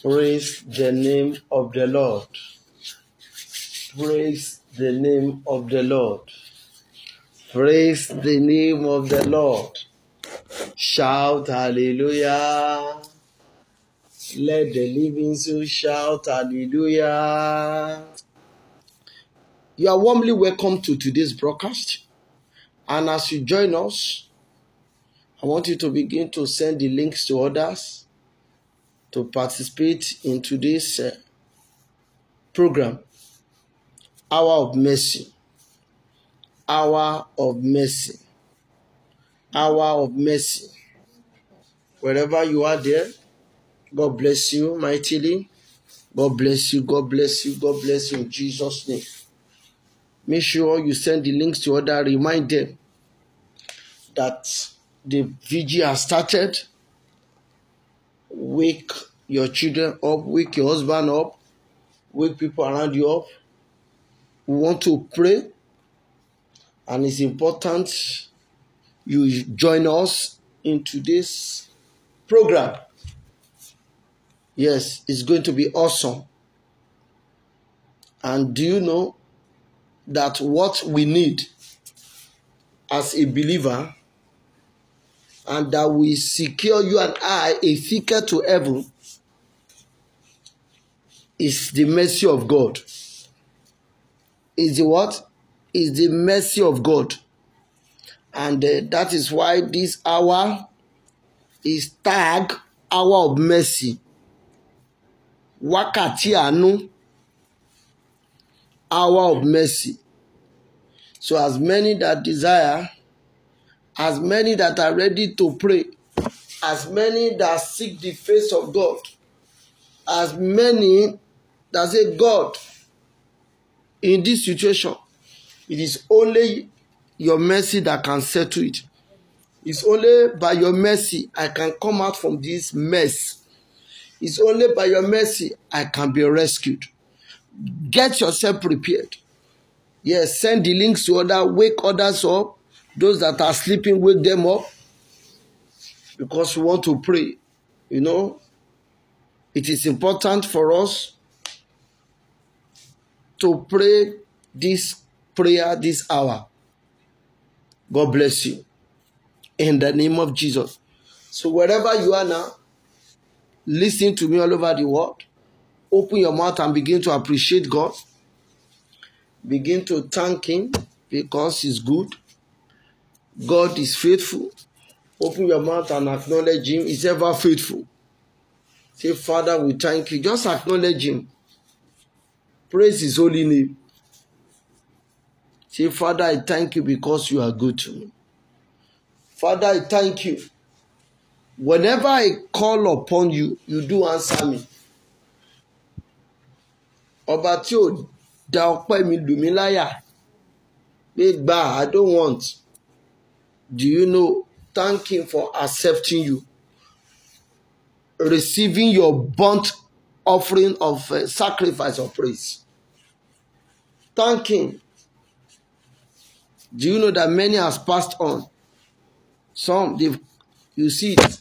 Praise the name of the Lord. Praise the name of the Lord. Praise the name of the Lord. Shout hallelujah. Let the living soul shout hallelujah. You are warmly welcome to today's broadcast. And as you join us, I want you to begin to send the links to others to participate in today's uh, program Hour of Mercy. Hour of Mercy. Hour of Mercy. Wherever you are there, God bless you mightily. God bless you. God bless you. God bless you in Jesus' name. Make sure you send the links to other. Remind them that the VG has started wake your children up, wake your husband up, wake people around you up. We want to pray, and it's important you join us in today's program. Yes, it's going to be awesome. And do you know that what we need as a believer and that will secure you and I a ticket to heaven is the mercy of God. Is the what? Is the mercy of God. And uh, that is why this hour is tag hour of mercy. Wakati anu hour of mercy. So as many that desire as many that are ready to pray, as many that seek the face of God, as many that say, God, in this situation, it is only your mercy that can settle it. It's only by your mercy I can come out from this mess. It's only by your mercy I can be rescued. Get yourself prepared. Yes, send the links to others, wake others up, those that are sleeping, wake them up because we want to pray. You know, it is important for us to pray this prayer this hour. God bless you. In the name of Jesus. So, wherever you are now, listen to me all over the world. Open your mouth and begin to appreciate God. Begin to thank Him because He's good. God is faithful. Open your mouth and acknowledge Him. He's ever faithful. Say, Father, we thank you. Just acknowledge Him. Praise His holy name. Say, Father, I thank you because you are good to me. Father, I thank you. Whenever I call upon you, you do answer me. Ọba tí ò da ọpẹ́ mi lù mí láyà pé gbà I don't want. Do you know? Thank Him for accepting you, receiving your burnt offering of uh, sacrifice of praise. Thank Him. Do you know that many has passed on? Some, they've, you see it,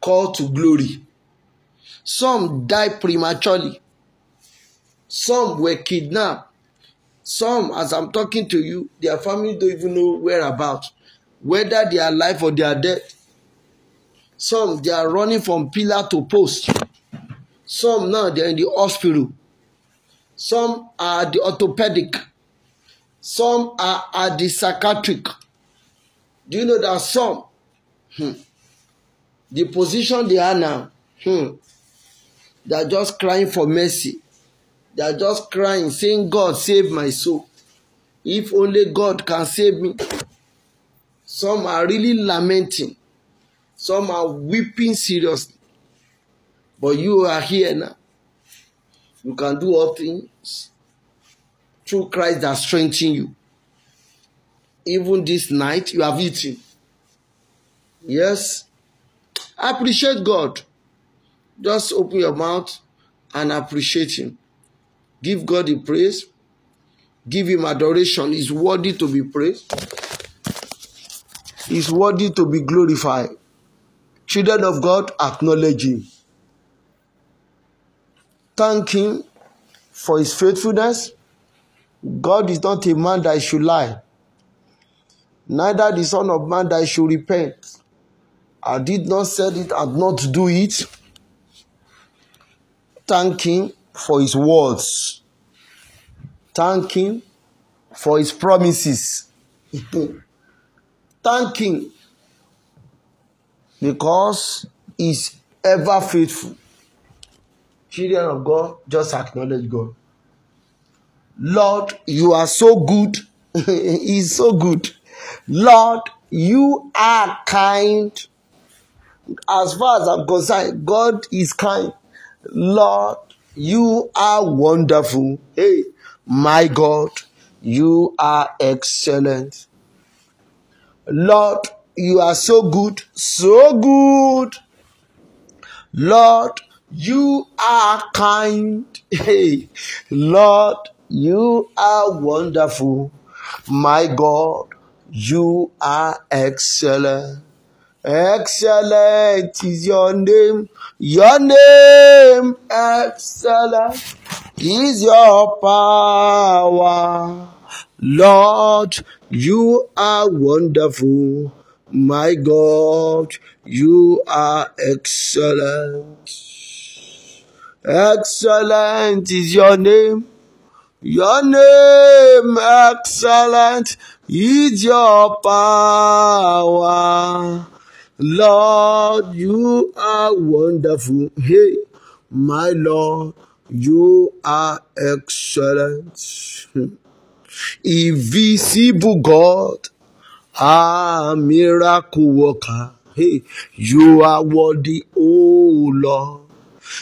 called to glory. Some died prematurely. Some were kidnapped. Some, as I'm talking to you, their family don't even know whereabouts. whether they are alive or they are dead. Some, they are running from pillar to post. Some now, they are in the hospital. Some are the orthopedic. Some are at the psychiatric. Do you know that some, hmm, the position they are now, hmm, they are just crying for mercy. They are just crying, saying, God, save my soul. If only God can save me. Some are really lamenting. Some are weeping seriously. But you are here now. You can do all things through Christ that strengthens you. Even this night, you have eaten. Yes. Appreciate God. Just open your mouth and appreciate Him. Give God the praise. Give Him adoration. He's worthy to be praised. is worthy to be glorified. Children of God, acknowledge Him. Thank Him for His faithfulness. God is not a man that should lie, neither the Son of Man that should repent. I did not say it and not do it. Thank Him for His words. Thank Him for His promises. Thanking because He's ever faithful. Children of God, just acknowledge God. Lord, you are so good. He's so good. Lord, you are kind. As far as I'm concerned, God is kind. Lord, you are wonderful. Hey, my God, you are excellent. Lord, you are so good, so good. Lord, you are kind. Hey, Lord, you are wonderful. My God, you are excellent. Excellent is your name. Your name, excellent, is your power. Lord, you are wonderful, my God. You are excellent. Excellent is your name. Your name, excellent, is your power. Lord, you are wonderful. Hey, my Lord, you are excellent. Invisible God, a miracle worker. Hey, you are worthy, oh Lord.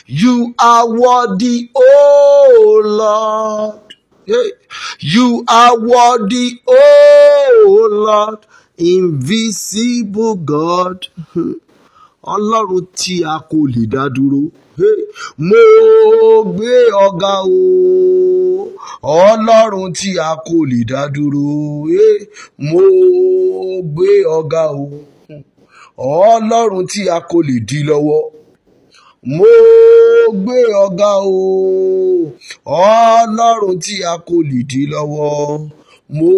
You are worthy, oh Lord. Hey, you are worthy, oh Lord. Invisible God. Ọlọ́run tí a kò lè dá dúró mo gbé ọ̀gá o ọlọ́run tí a kò lè dá dúró mo gbé ọ̀gá o ọlọ́run tí a kò lè dí lọ́wọ́ mo gbé ọ̀gá o ọlọ́run tí a kò lè dí lọ́wọ́ mo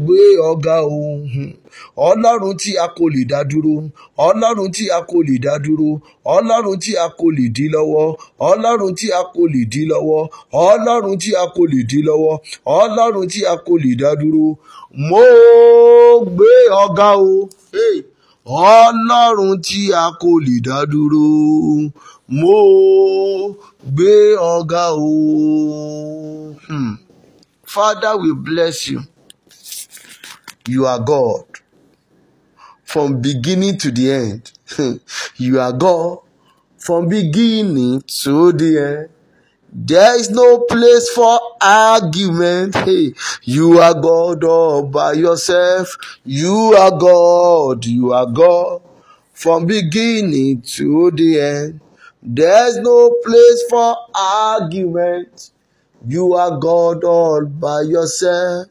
gbé ọ̀gá o. Hmm ọlọ́run tí a kò lè dá dúró ọlọ́run tí a kò lè dá dúró ọlọ́run tí a kò lè dí lọ́wọ́ ọlọ́run tí a kò lè dí lọ́wọ́ ọlọ́run tí a kò lè dí lọ́wọ́ ọlọ́run tí a kò lè dá dúró mo gbé ọ̀gá o ọlọ́run tí a kò lè dá dúró mo gbé ọ̀gá o. Hmm. Father, we bless you. You are God. from beginning to the end. you are God from beginning to the end. There is no place for argument. Hey, you are God all by yourself. You are God. You are God from beginning to the end. There's no place for argument. You are God all by yourself.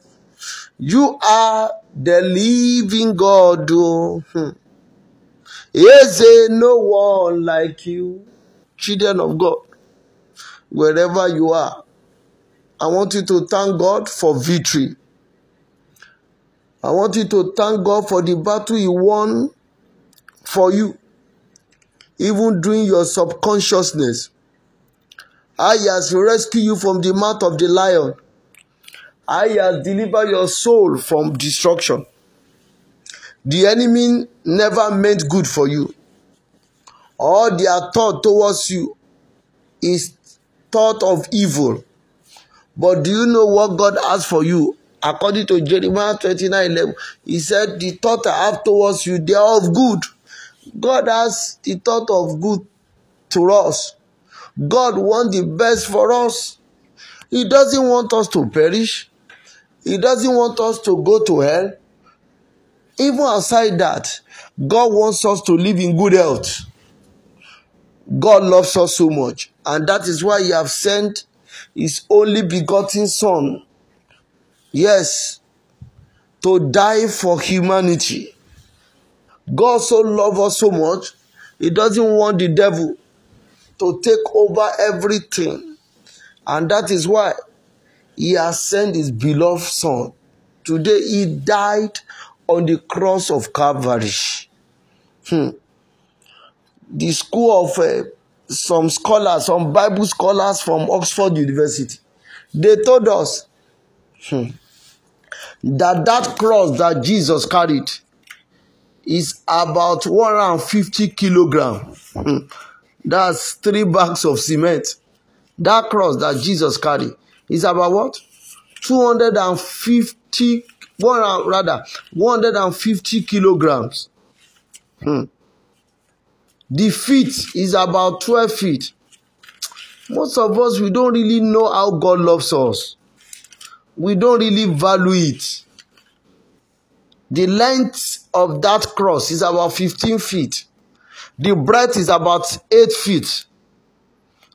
You are the living God. Oh, hmm. no one like you, children of God, wherever you are. I want you to thank God for victory. I want you to thank God for the battle He won for you, even during your subconsciousness. I has rescued you from the mouth of the lion. I have delivered your soul from destruction. The enemy never meant good for you. All their thought towards you is thought of evil. But do you know what God has for you? According to Jeremiah 29 11, He said, The thought I have towards you, they are of good. God has the thought of good to us. God wants the best for us. He doesn't want us to perish. He doesn't want us to go to hell. Even outside that, God wants us to live in good health. God loves us so much, and that is why He has sent His only begotten Son, yes, to die for humanity. God so loves us so much, He doesn't want the devil to take over everything. And that is why He has sent His beloved Son. Today He died on the cross of Calvary. Hmm. The school of uh, some scholars, some Bible scholars from Oxford University, they told us hmm, that that cross that Jesus carried is about 150 kilogram. Hmm. That's three bags of cement. That cross that Jesus carried is about what? 250, one, rather, 150 kilograms. Hmm. The feet is about 12 feet. Most of us, we don't really know how God loves us. We don't really value it. The length of that cross is about 15 feet. The breadth is about 8 feet.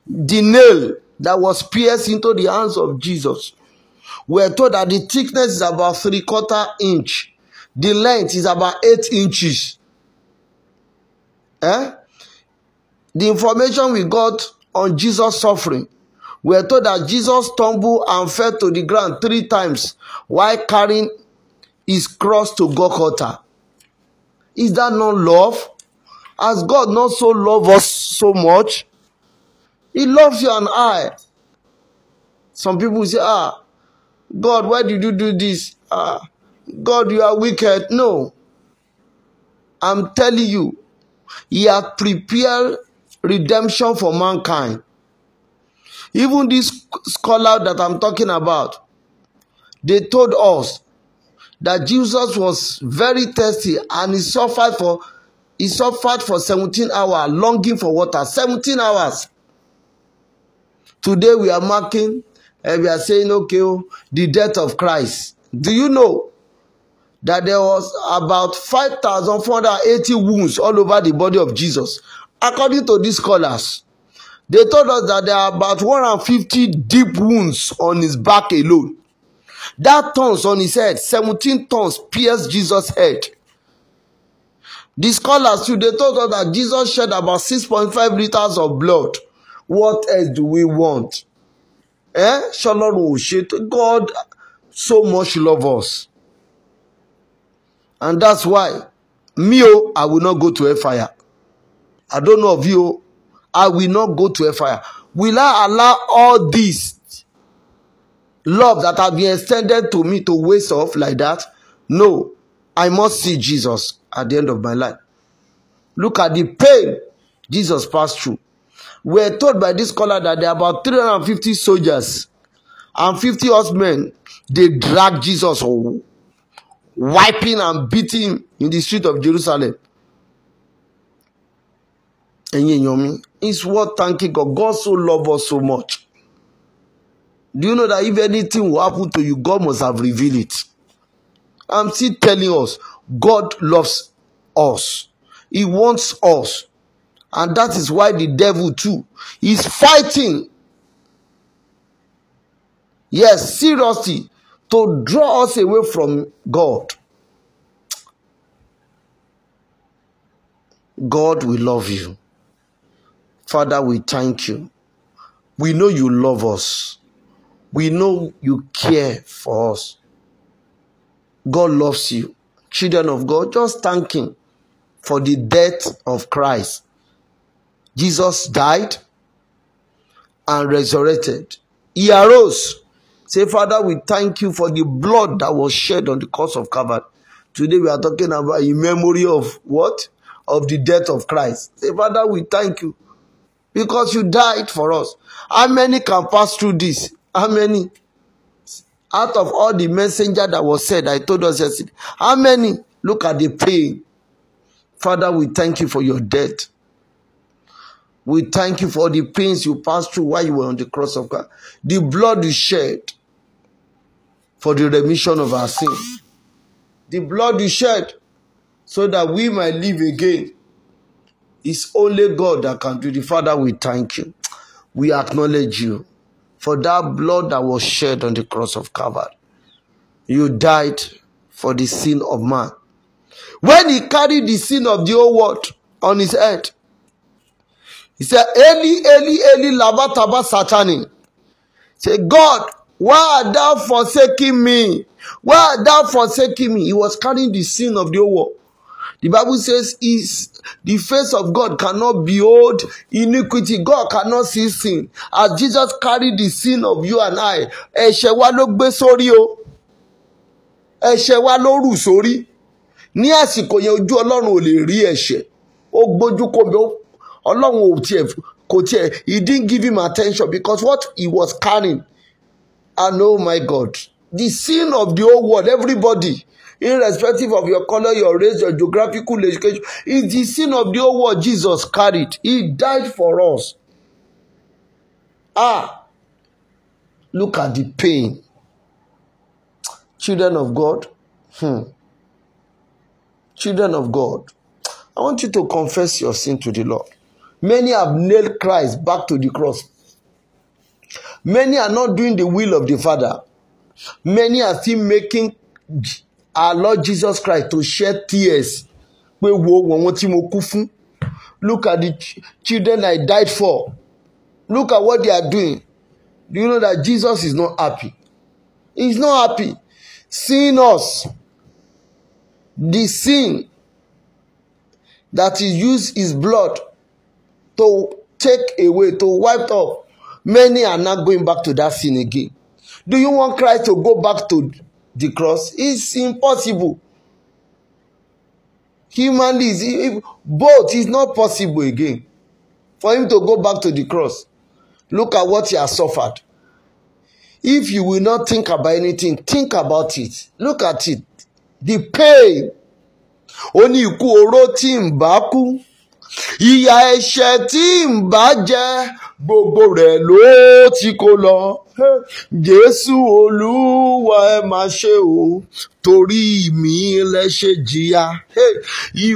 The nail that was pierced into the hands of Jesus. We're told that the thickness is about three quarter inch, the length is about eight inches. Eh? The information we got on Jesus' suffering, we're told that Jesus stumbled and fell to the ground three times while carrying his cross to Golgotha. Is that not love? Has God not so loved us so much? He loves you and I. Some people say, ah, God, why did you do this? Ah, God, you are wicked. No. I'm telling you, He has prepared redemption for mankind. Even this scholar that I'm talking about, they told us that Jesus was very thirsty and he suffered for he suffered for 17 hours, longing for water. 17 hours. Today we are marking and eh, we are saying, okay, oh, the death of Christ. Do you know that there was about 5,480 wounds all over the body of Jesus? According to these scholars, they told us that there are about 150 deep wounds on his back alone. That thorns on his head, 17 thorns pierce Jesus' head. The scholars they told us that Jesus shed about 6.5 liters of blood. What else do we want? Eh? Shall ò worship God so much love us. And that's why me, oh, I will not go to a fire. I don't know of you. I will not go to a fire. Will I allow all this love that has been extended to me to waste off like that? No. I must see Jesus at the end of my life. Look at the pain Jesus passed through. We're told by this scholar that there are about 350 soldiers and 50 horsemen. They dragged Jesus, home, wiping and beating in the street of Jerusalem. ẹ̀yin èèyàn it's worth thanking God God so love us so much do you know that if anything will happen to you God must have revealed it I'm still telling us God loves us he wants us And that is why the devil, too, is fighting. Yes, seriously, to draw us away from God. God, we love you. Father, we thank you. We know you love us. We know you care for us. God loves you. Children of God, just thank Him for the death of Christ Jesus died and resurrected. He arose. Say, Father, we thank you for the blood that was shed on the cross of Calvary. Today we are talking about in memory of what? Of the death of Christ. Say, Father, we thank you because you died for us. How many can pass through this? How many? Out of all the messenger that was said, I told us yesterday, how many? Look at the pain. Father, we thank you for your death. We thank you for the pains you passed through while you were on the cross of God, the blood you shed for the remission of our sin, the blood you shed so that we might live again. It's only God that can do. The Father, we thank you. We acknowledge you for that blood that was shed on the cross of Calvary. You died for the sin of man. When he carried the sin of the whole world on his head, He said, Eli, Eli, Eli, labataba satani. Say, God, why are thou forsaking me? Why are thou forsaking me? He was carrying the sin of the world. The Bible says, is the face of God cannot behold iniquity. God cannot see sin. As Jesus carried the sin of you and I, ẹ̀ṣẹ̀ wa ló gbé o. Ẹ̀ṣẹ̀ wa ló rù Ní àsìkò yẹn ojú Ọlọ́run ò lè rí ẹ̀ṣẹ̀. Ó gbójú kò bí ó Along with tiẹ̀ kò he didn't give him attention because what he was carrying and oh my God the sin of the whole world everybody irrespective of your color your race your geographical education is the sin of the whole world Jesus carried he died for us ah look at the pain children of God hmm. children of God I want you to confess your sin to the Lord Many have nailed Christ back to the cross. Many are not doing the will of the Father. Many are still making our Lord Jesus Christ to shed tears. Pé wo wọ̀n tí mo kú fún. Look at the ch children I died for. Look at what they are doing. Do you know that Jesus is not happy? He is not happy. Seeing us, the sin that he used his blood to take away, to wipe off. Many are not going back to that sin again. Do you want Christ to go back to the cross? It's impossible. Humanly, if, both is not possible again for him to go back to the cross. Look at what he has suffered. If you will not think about anything, think about it. Look at it. The pain. Ó ní ikú oró tí ń ìyà ẹ̀ṣẹ̀ tí ń bá jẹ́ gbogbo rẹ̀ ló ti kó lọ jésù olúwa ẹ má ṣe o torí mi lẹ ṣe jìyà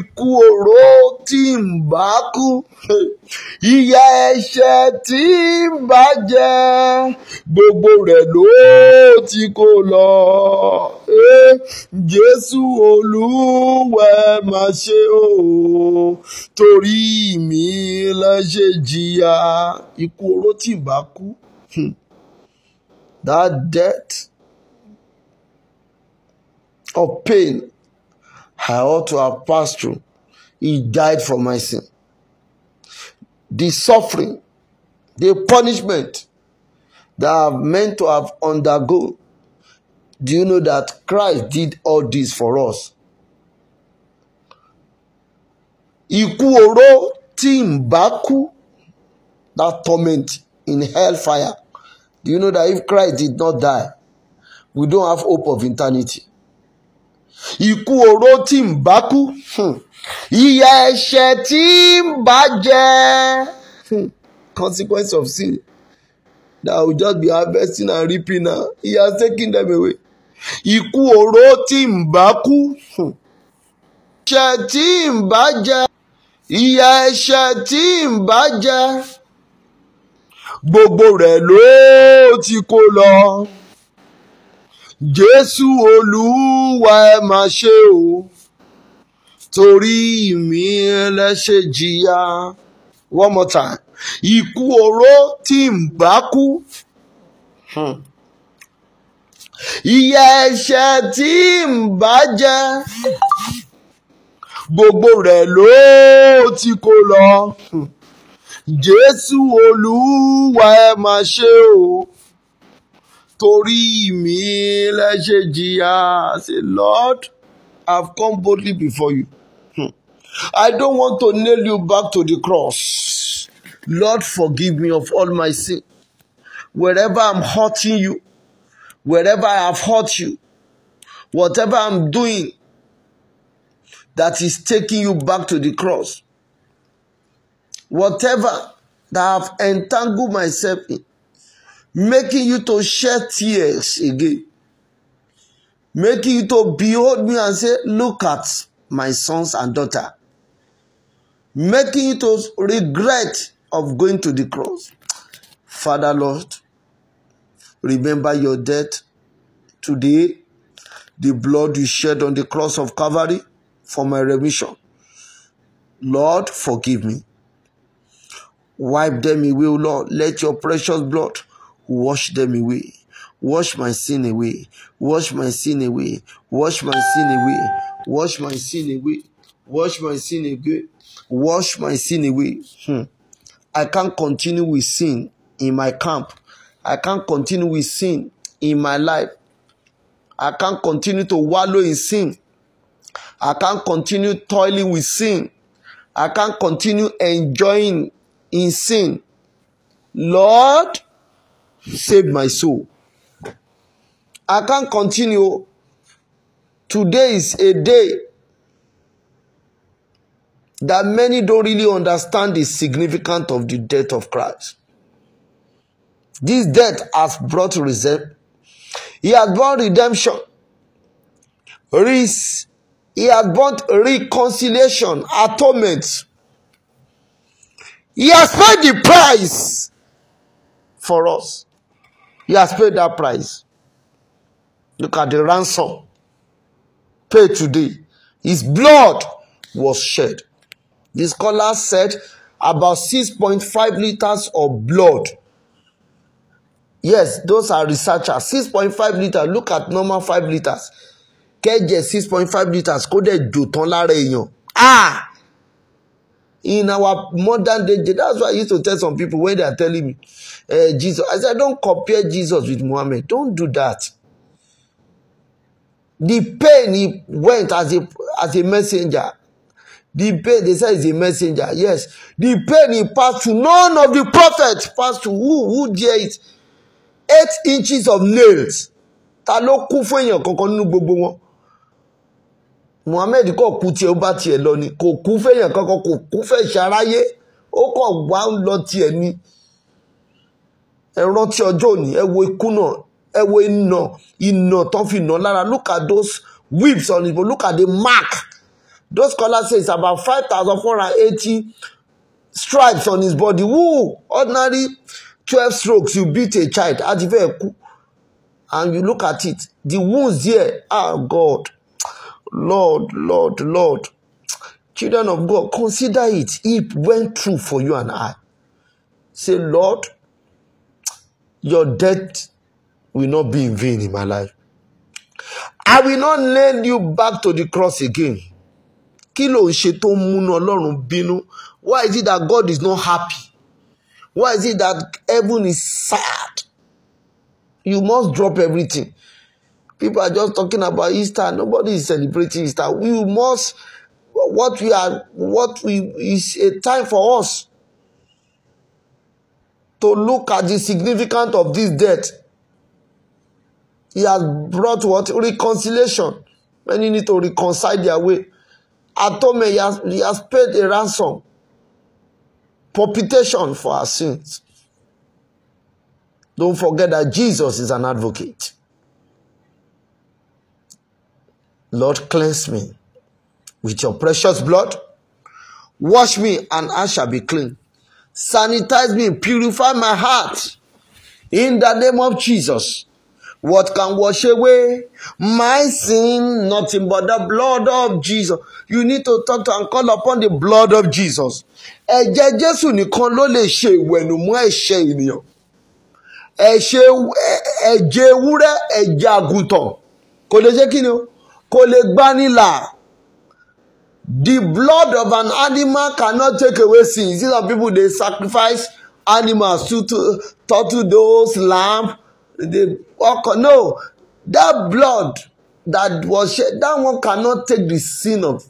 ikú oró tí ń bá kú ìyà ẹ̀ṣẹ̀ tí ń bá jẹ gbogbo rẹ̀ ló ti kó lọ jésù olúwa ẹ má ṣe o torí mi lẹ ṣe jìyà ikú oró tí ń bá kú. Hmm. that death, of pain I ought to have passed through, he died for my sin. The suffering, the punishment that I've meant to have undergone, do you know that Christ did all this for us? Ikú oró that torment in hellfire Do you know that if Christ did not die, we don't have hope of eternity? Ikú oró tí ń bá kú, hmm, ìyà ẹ̀ṣẹ̀ tí ń bá jẹ, hmm, consequence of sin that will just be harvesting and reaping now. He has taken them away. Ikú oró tí ń bá kú, hmm, ẹ̀ṣẹ̀ tí ń bá jẹ, ìyà ẹ̀ṣẹ̀ tí ń bá jẹ gbogbo rẹ̀ ló ti kó lọ jésù olúwa ẹ máa ṣe o torí mi ẹlẹ́ṣẹ̀ jìyà one more time ikú oró tí ń bá kú ìyà hmm. ẹ̀ṣẹ̀ tí ń bá jẹ gbogbo rẹ̀ ló ti kó lọ. Hmm jésù olúwa ẹ má ṣe o torí mi lẹ ṣe jìyà say lord i have come boldly before you hmm. i don't want to nail you back to the cross lord forgive me of all my sin wherever i'm hurting you wherever i have hurt you whatever i'm doing that is taking you back to the cross whatever that I've entangled myself in, making you to shed tears again, making you to behold me and say, Look at my sons and daughter, making you to regret of going to the cross. Father Lord, remember your death today, the blood you shed on the cross of Calvary for my remission. Lord, forgive me. Wipe them away, O Lord. Let your precious blood wash them away. Wash my sin away. Wash my sin away. Wash my sin away. Wash my sin away. Wash my sin away. Wash my sin away. Hmm. I can't continue with sin in my camp. I can't continue with sin in my life. I can't continue to wallow in sin. I can't continue toiling with sin. I can't continue enjoying in sin, Lord, save my soul. I can't continue. Today is a day that many don't really understand the significance of the death of Christ. This death has brought redemption. He has brought redemption. He has brought reconciliation, atonement. He has paid the price for us. He has paid that price. Look at the ransom paid today. His blood was shed. The scholar said about 6.5 liters of blood. Yes, those are researchers. 6.5 liters. Look at normal 5 liters. Kẹ́jẹ̀ 6.5 liters kó dẹ̀ jò tán lára Ah! in our modern day that's why i used to tell some people when they are telling me uh, jesus i said don't compare jesus with muhammad don't do that the pain he went as a as a messenger the pain they say is a messenger yes the pain he passed through. none of the prophets passed through who who dare it eight inches of nails ta ló kú fún èèyàn kankan nínú gbogbo wọn. Muhammed kò kú tiẹ̀ ó bá tiẹ̀ lọ ni kò kú fẹ̀yàn kankan kò kú fẹ̀ ṣaráyé ó kọ̀ wá ń lọ tiẹ̀ ni ẹ rántí ọjọ́ òní ẹ ikú náà ẹ iná iná tán fi nà lára look at those whips on it look at the mark those scholars say it's about five thousand four hundred eighty stripes on his body woo ordinary twelve strokes you beat a child àti fẹ́ẹ̀ kú and you look at it the wounds there ah God. Lord, Lord, Lord. Children of God, consider it. It went through for you and I. Say, Lord, your death will not be in vain in my life. I will not lend you back to the cross again. Kí ló ń ṣe tó ń múnú Ọlọ́run bínú? Why is it that God is not happy? Why is it that heaven is sad? You must drop everything. People are just talking about Easter. Nobody is celebrating Easter. We must, what we are, what we, is a time for us to look at the significance of this death. He has brought what? Reconciliation. Many need to reconcile their way. Atome, he has, he has paid a ransom. Propitiation for our sins. Don't forget that Jesus is an advocate. Lord, cleanse me with your precious blood. Wash me, and I shall be clean. Sanitize me, purify my heart. In the name of Jesus. What can wash away my sin? Nothing but the blood of Jesus. You need to turn to and call upon the blood of Jesus. Ẹ̀jẹ̀ Jésù nìkan ló lè ṣe ìwẹ̀nùmọ́ ẹ̀ṣẹ̀ ènìyàn. Ẹ̀ṣẹ̀ ẹ̀jẹ̀ ewúrẹ́ ẹ̀jẹ̀ àgùntàn kò lè ṣe kí ni o? kò lè gbanilà the blood of an animal cannot take away sin these are people dey sacrifice animals to to turtle doves lamb they okay, no that blood that was shed that one cannot take the sin of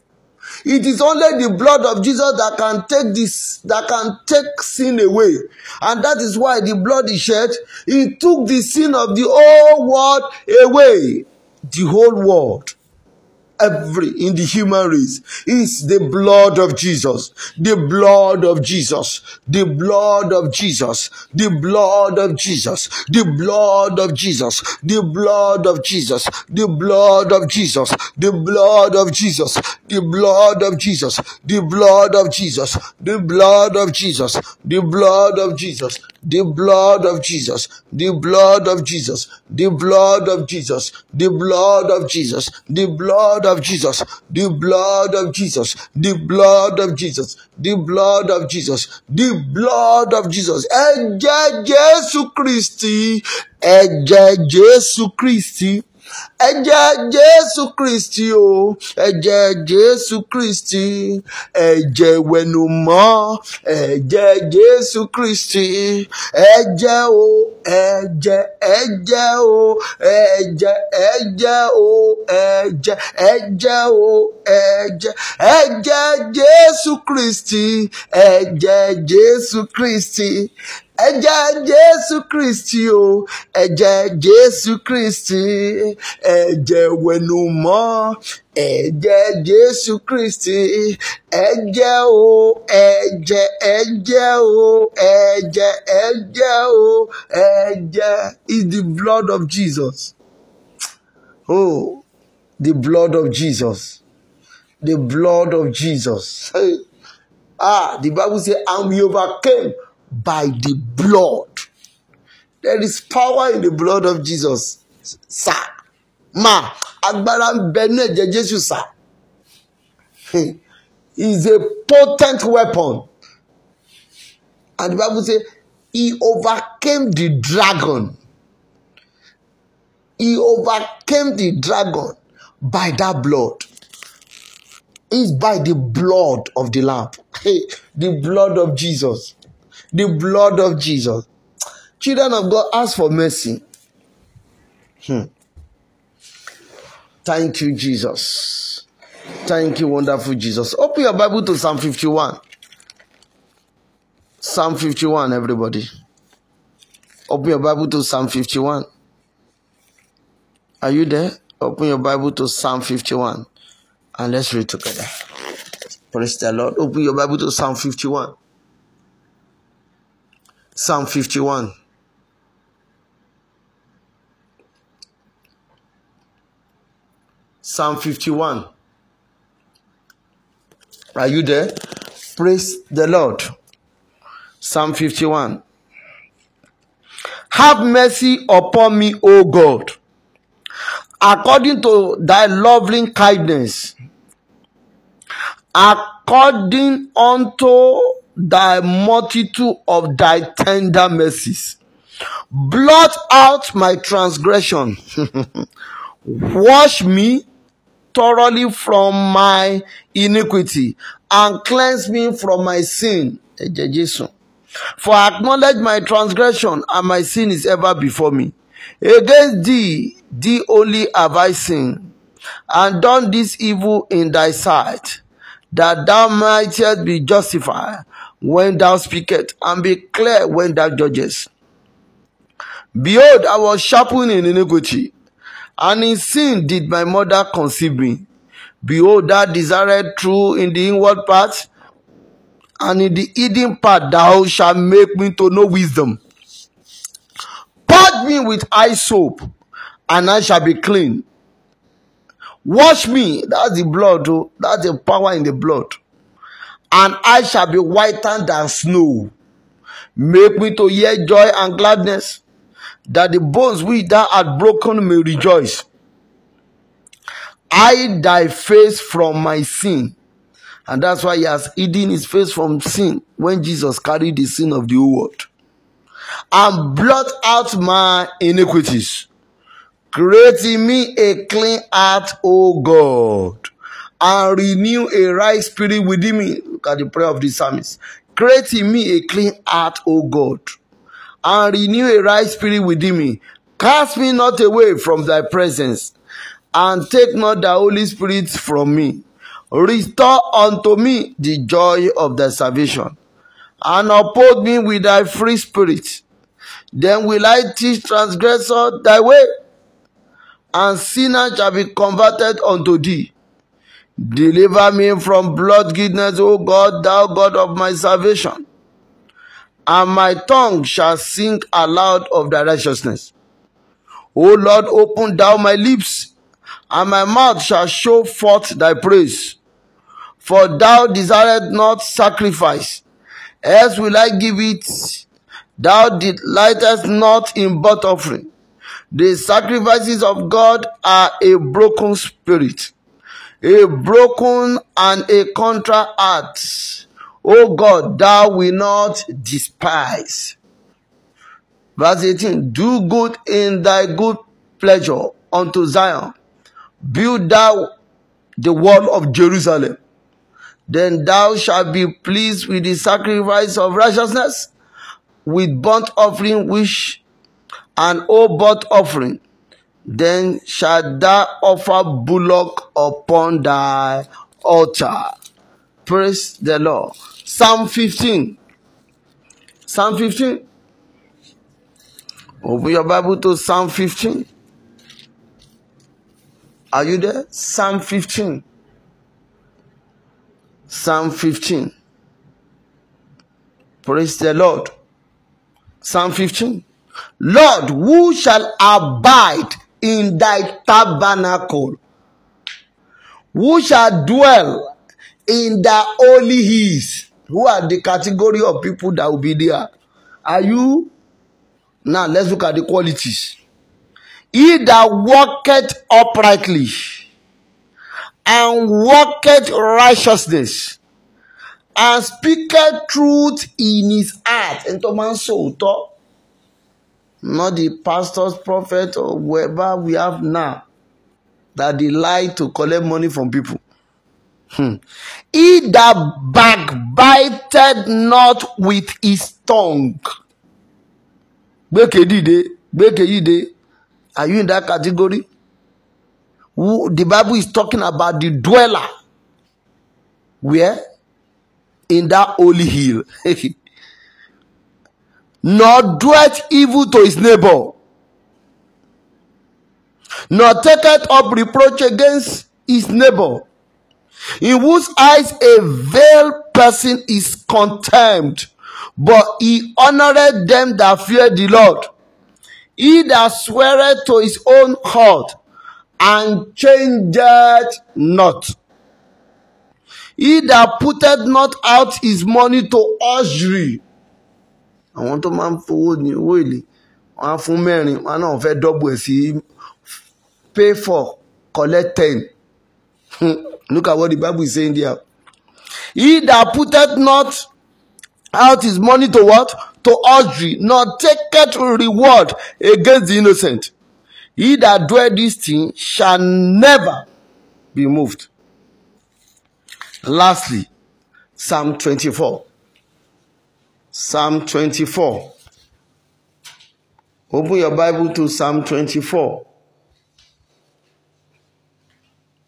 it is only the blood of Jesus that can take this that can take sin away and that is why the blood he shed he took the sin of the whole world away the whole world every in the human race is the blood of Jesus, the blood of Jesus, the blood of Jesus, the blood of Jesus, the blood of Jesus, the blood of Jesus, the blood of Jesus, the blood of Jesus, the blood of Jesus, the blood of Jesus, the blood of Jesus, the blood of Jesus, the blood of Jesus, the blood of Jesus, the blood of Jesus, the blood of Jesus, the blood of Jesus, the blood of Jesus, the blood of Jesus, the blood of Jesus, the blood of Jesus. Ẹ̀jẹ̀ Jésù Kristi, ẹ̀jẹ̀ Jésù Kristi. Ẹ̀jẹ̀ Jésù Kristi o, ẹ̀jẹ̀ Jésù Kristi, ẹ̀jẹ̀ ìwẹ̀nùmọ́, ẹ̀jẹ̀ Jésù Christi, ẹ̀jẹ̀ oh ẹ̀jẹ̀ ẹ̀jẹ̀ o ẹ̀jẹ̀ ẹ̀jẹ̀ o ẹ̀jẹ̀ ẹ̀jẹ̀ o ẹ̀jẹ̀ ẹ̀jẹ̀ Jésù Kristi ẹ̀jẹ̀ Jésù Kristi. ẹ̀jẹ̀ jésù kristi o ẹ̀jẹ̀ jésù kristi ẹ̀jẹ̀ wẹ̀nùmọ́ ẹ̀jẹ̀ jésù kristi ẹ̀jẹ̀ o ẹ̀jẹ̀ ẹ̀jẹ̀ o ẹ̀jẹ̀ ẹ̀jẹ̀ o ẹ̀jẹ̀ is the blood of jesus oh the blood of jesus the blood of jesus ah the bible say and we overcame by the blood. There is power in the blood of Jesus, sir. Ma, agbára ń bẹ Jesus, sir, Jésù, is a potent weapon. And the Bible says, He overcame the dragon. He overcame the dragon by that blood. It's by the blood of the Lamb. Hey, the blood of Jesus the blood of Jesus. Children of God, ask for mercy. Hmm. Thank you, Jesus. Thank you, wonderful Jesus. Open your Bible to Psalm 51. Psalm 51, everybody. Open your Bible to Psalm 51. Are you there? Open your Bible to Psalm 51 and let's read together. Praise the Lord. Open your Bible to Psalm 51. psalm fifty-one. psalm fifty-one. Are you there? Praise the Lord. Psalm 51. Have mercy upon me, O God, according to thy loving kindness, according unto thy multitude of thy tender mercies. Blot out my transgression. Wash me thoroughly from my iniquity and cleanse me from my sin. For I acknowledge my transgression and my sin is ever before me. Against thee, thee only have I sinned and done this evil in thy sight, that thou mightest be justified when thou speakest, and be clear when thou judgest. Behold, I was sharpened in iniquity, and in sin did my mother conceive me. Behold, thou desired true in the inward part, and in the hidden part thou shalt make me to know wisdom. Purge me with eye soap, and I shall be clean. Wash me, that's the blood, oh, that's the power in the blood and I shall be whiter than snow. Make me to hear joy and gladness, that the bones which thou art broken may rejoice. Hide thy face from my sin. And that's why he has hidden his face from sin when Jesus carried the sin of the whole world. And blot out my iniquities. Create in me a clean heart, O God and renew a right spirit within me. Look at the prayer of the psalmist. Create in me a clean heart, O God, and renew a right spirit within me. Cast me not away from thy presence, and take not thy Holy Spirit from me. Restore unto me the joy of thy salvation, and uphold me with thy free spirit. Then will I teach transgressor thy way, and sinners shall be converted unto thee. Deliver me from blood O God, thou God of my salvation. And my tongue shall sing aloud of thy righteousness. O Lord, open thou my lips, and my mouth shall show forth thy praise. For thou desired not sacrifice, else will I give it. Thou delightest not in burnt offering. The sacrifices of God are a broken spirit a broken and a contrite heart. O God, thou will not despise. Verse 18 Do good in thy good pleasure unto Zion. Build thou the wall of Jerusalem. Then thou shalt be pleased with the sacrifice of righteousness, with burnt offering, which an O burnt offering then shalt thou offer bullock upon thy altar. Praise the Lord. Psalm 15. Psalm 15. Open your Bible to Psalm 15. Are you there? Psalm 15. Psalm 15. Praise the Lord. Psalm 15. Lord, who shall abide in thy tabernacle, who shall dwell in the holy hills. Who are the category of people that will be there? Are you? Now let's look at the qualities. He that walketh uprightly and walketh righteousness and speaketh truth in his heart. Ẹni tó máa ń sọ òótọ́ not the pastors, prophets, or whoever we have now that they lie to collect money from people. Hmm. He that backbited not with his tongue. Gbékedìde, gbékedìde, are you in that category? Who, the Bible is talking about the dweller. Where? In that holy hill. nor doeth evil to his neighbor, nor taketh up reproach against his neighbor, in whose eyes a veiled person is contemned, but he honoured them that fear the Lord. He that sweareth to his own heart and changeth not. He that putteth not out his money to usury àwọn tó máa ń fowó ní owó èlé wọ́n á fún mẹ́rin wọ́n náà fẹ́ dọ́gbù ẹ̀ sí pay for collect ten hmm, look at what the bible is saying there he that putteth not out his money to what to usury nor taketh reward against the innocent he that doeth this thing shall never be moved lastly psalm twenty-four Psalm 24. Open your Bible to Psalm 24.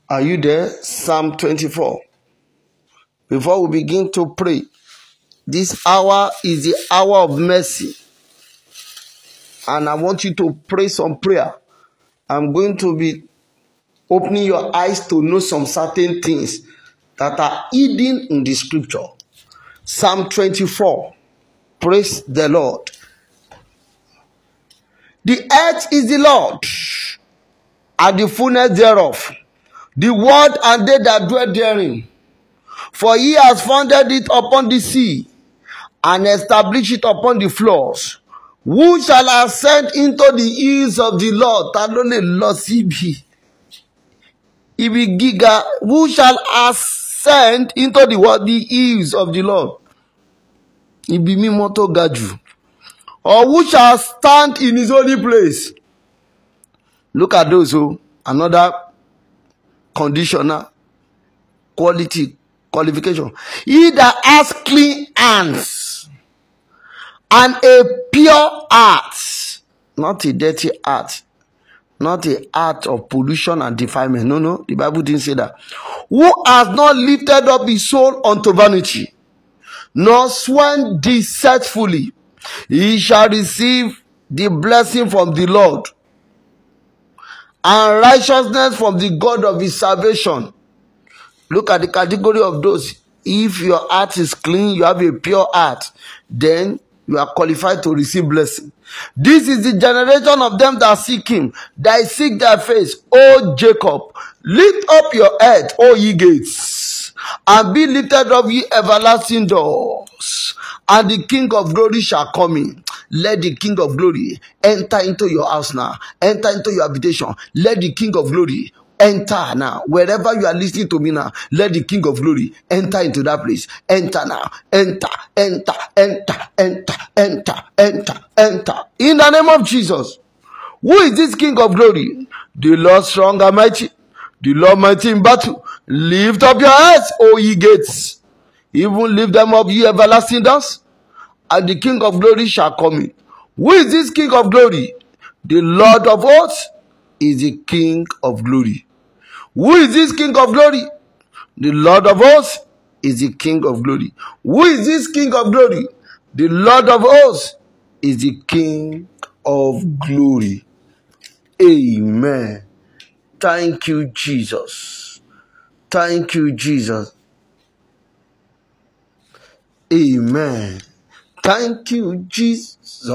Are you there? Psalm 24. Before we begin to pray, this hour is the hour of mercy. And I want you to pray some prayer. I'm going to be opening your eyes to know some certain things that are hidden in the scripture. Psalm 24. Praise the Lord. The earth is the Lord, and the fullness thereof, the world and they that dwell therein. For he has founded it upon the sea, and established it upon the floors. Who shall ascend into the hills of the Lord? Ta ló lè lọ síbi? Ibi gíga. Who shall ascend into the what? The hills of the Lord? ibi mímọ́ tó ga jù or who shall stand in his holy place look at those o oh, another conditional quality qualification he that has clean hands and a pure heart not a dirty heart not a heart of pollution and defilement no no the bible didn't say that who has not lifted up his soul unto vanity nor swan deceitfully, he shall receive the blessing from the Lord and righteousness from the God of his salvation. Look at the category of those. If your heart is clean, you have a pure heart, then you are qualified to receive blessing. This is the generation of them that seek him, that seek their face. O oh, Jacob, lift up your head, O oh, ye gates and be lifted up ye everlasting doors and the king of glory shall come in let the king of glory enter into your house now enter into your habitation let the king of glory enter now wherever you are listening to me now let the king of glory enter into that place enter now enter enter enter enter enter enter enter in the name of jesus who is this king of glory the lord strong and mighty the Lord mighty in battle. Lift up your heads, O ye gates. Even lift them up, ye everlasting doors. And the King of glory shall come in. Who is this King of glory? The Lord of hosts is the King of glory. Who is this King of glory? The Lord of hosts is the King of glory. Who is this King of glory? The Lord of hosts is the King of glory. Amen. Thank you, Jesus. Thank you, Jesus. Amen. Thank you, Jesus.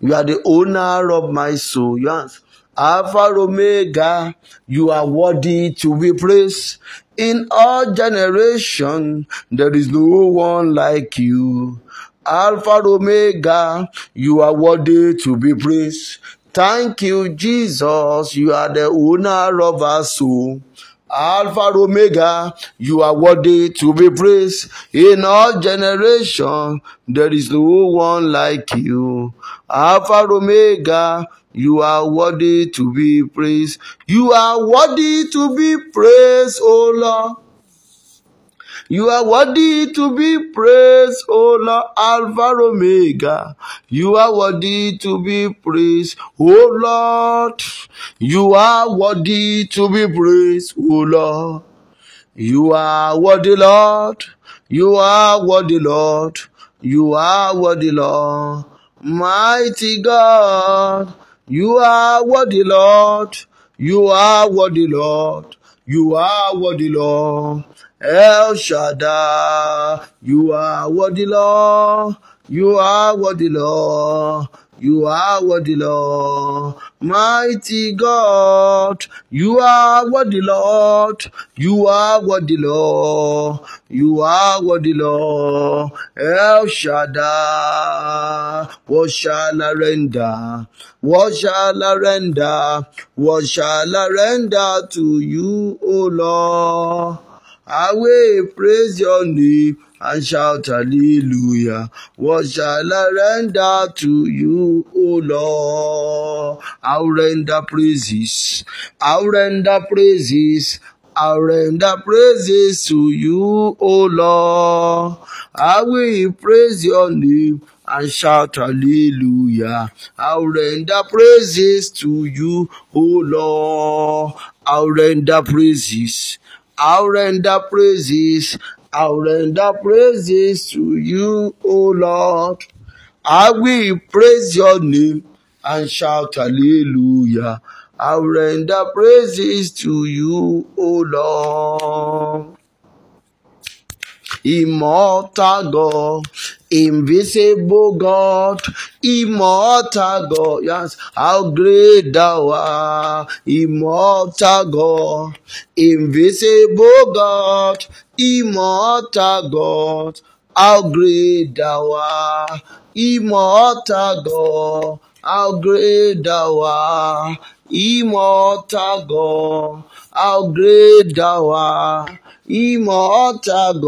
You are the owner of my soul. You are Alpha Omega. You are worthy to be praised. In all generation, there is no one like you. Alpha Omega, you are worthy to be praised. Thank you, Jesus. You are the owner of our soul. Alpha Omega, you are worthy to be praised. In all generations, there is no one like you. Alpha Omega, you are worthy to be praised. You are worthy to be praised, O Lord. You are worthy to be praised, O Lord Alpha Omega. You are worthy to be praised, O Lord. You are worthy to be praised, O Lord. You are worthy, Lord. You are worthy, Lord. You are worthy, Lord. Mighty God, you are worthy, Lord. You are worthy, Lord. You are worthy, Lord. El Shaddai, you are worthy, Lord. You are worthy, Lord. You are worthy, Lord. Mighty God, you are worthy, Lord. You are worthy, Lord. You are worthy, Lord. El Shaddai, what shall I render? What shall I render? What shall I render to you, O Lord? I will praise your name and shout hallelujah. What shall I render to you, O Lord? I'll render praises. I'll render praises. I render praises to you, O Lord. I will praise your name and shout hallelujah. I render praises to you, O Lord. I render praises. I'll render praises. I'll render praises to you, O Lord. I will praise your name and shout hallelujah. I'll render praises to you, O Lord immortal God, invisible God, immortal God. Yes, how great thou art, immortal God, invisible God, immortal God. How great thou art, immortal God. How great thou art, immortal God. How great thou art. immortal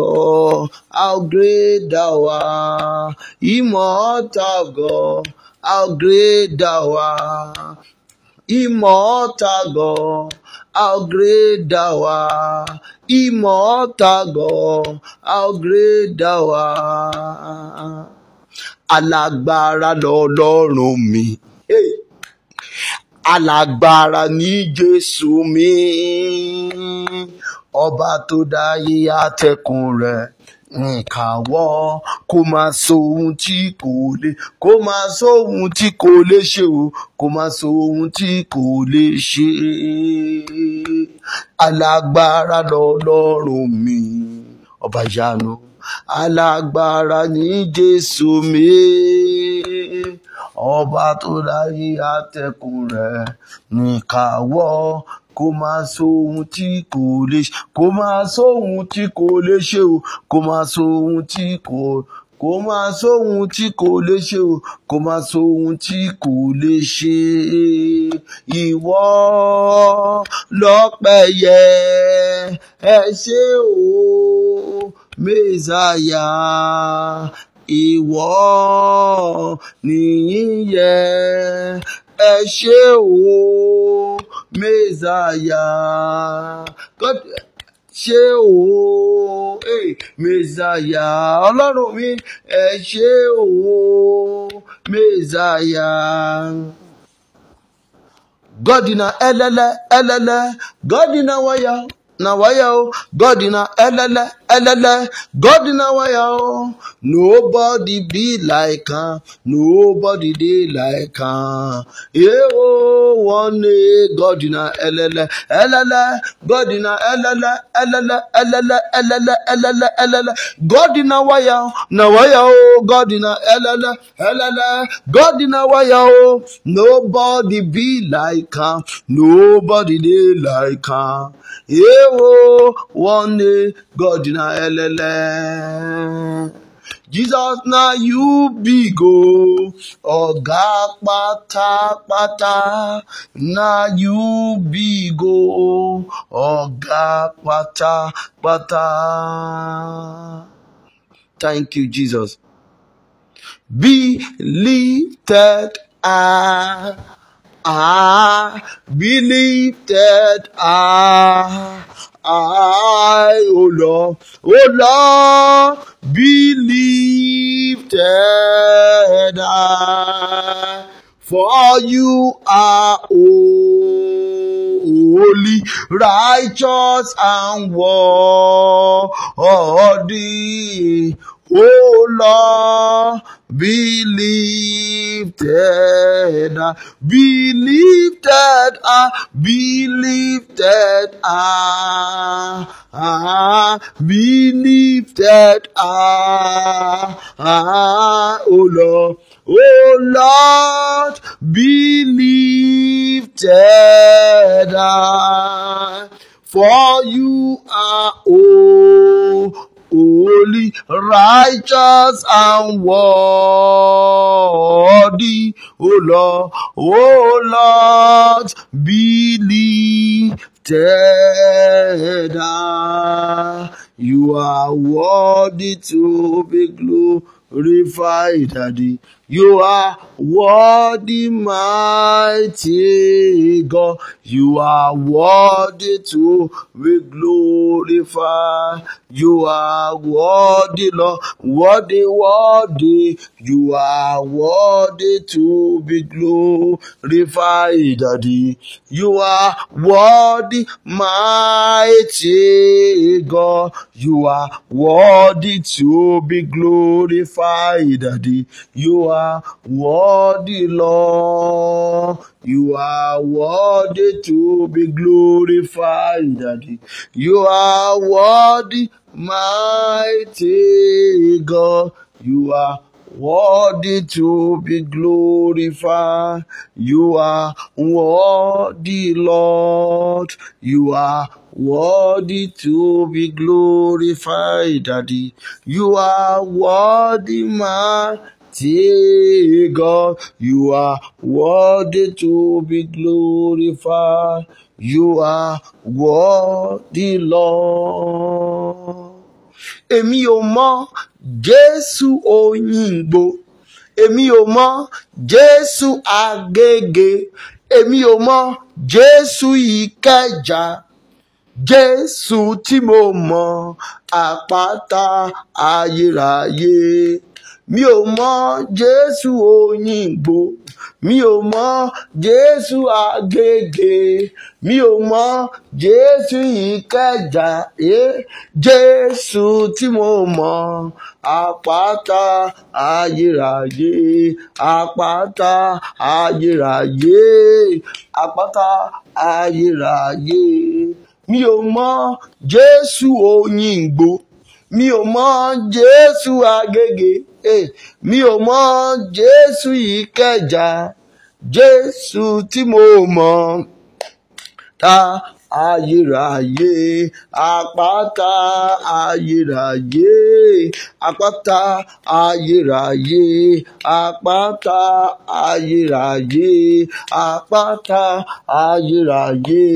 God, how great thou art, immortal God, Alagbara ní jésù mi ọba tó dáyé àtẹ̀kùn rẹ̀ ìkàwọ́ kó máa sóhun tí kò lè kó máa sóhun tí kò lè ṣe o kó máa sóhun tí kò lè ṣe alágbára lọ́lọ́run mi ọba ìyanu alágbára ní jésù mi ọba tó láyé àtẹkùn rẹ níkàwọ́ kò máa sóhun tí kò lè kò máa sóhun tí kò lè ṣe o kò máa sóhun tí kò kò máa sóhun tí kò lè ṣe o kò máa sóhun tí kò lè ṣe ìwọ lọ́pẹ̀yẹ ẹ ṣé o mẹ́sàáyà ìwọ nìyí yẹ ẹ ṣé o mẹ́sàáyà ṣé o mẹ́sàáyà ọlọ́run mi ẹ ṣé o mẹ́sàáyà. Godina elele elele Godina waya na waya o Godina elele Elele, God in our yo. Nobody be like him. Nobody dey like him. Yo, one day, God in our elele, elele, God in our elele, elele, elele, elele, elele, elele. God in our yo, nawaya, God in our elele, elele, God in our yo. Nobody be like him. Nobody dey like him. Yo, one day. God na elele. Jesus na you big o, oga patapata. Na you big o, oga patapata. Thank you, Jesus. Be lifted up. I believe that I, I, oh Lord, oh Lord, believe that I, for you are holy, righteous and worthy. Oh Lord, be lifted, be lifted, be lifted, be lifted, oh Lord. Oh Lord, be lifted, for you are, oh, holy, righteous, and worthy. O Lord, O Lord, be lifted up. You are worthy to be glorified, Daddy. You are worthy, mighty God. You are worthy to be glorified. You are worthy, Lord. Worthy, worthy. You are worthy to be glorified, Daddy. You are worthy, mighty God. You are worthy to be glorified, Daddy. You are are worthy, Lord. You are worthy to be glorified, Daddy. You are worthy, mighty God. You are worthy to be glorified. You are worthy, Lord. You are worthy to be glorified, Daddy. You are worthy, my. mighty God, you are worthy to be glorified. You are worthy, Lord. Èmi ò mọ Jésù Òyìnbó. Èmi ò mọ Jésù Agége. Èmi ò mọ Jésù Ìkẹjà. Jésù tí mo mọ̀ àpáta ayérayé mi ò mọ jésù òyìnbó mi ò mọ jésù àgègè mi ò mọ jésù ìkẹjà ẹ jésù tí mo mọ àpáta ayérayé àpáta ayérayé àpáta ayérayé mi ò mọ jésù òyìnbó mi ò mọ jésù àgègè. Eh, mi ò mọ jésù yìí kẹjà jésù tí mo mọ̀ ta ayérayé àpáta ayérayé àpáta ayérayé àpáta ayérayé àpáta ayérayé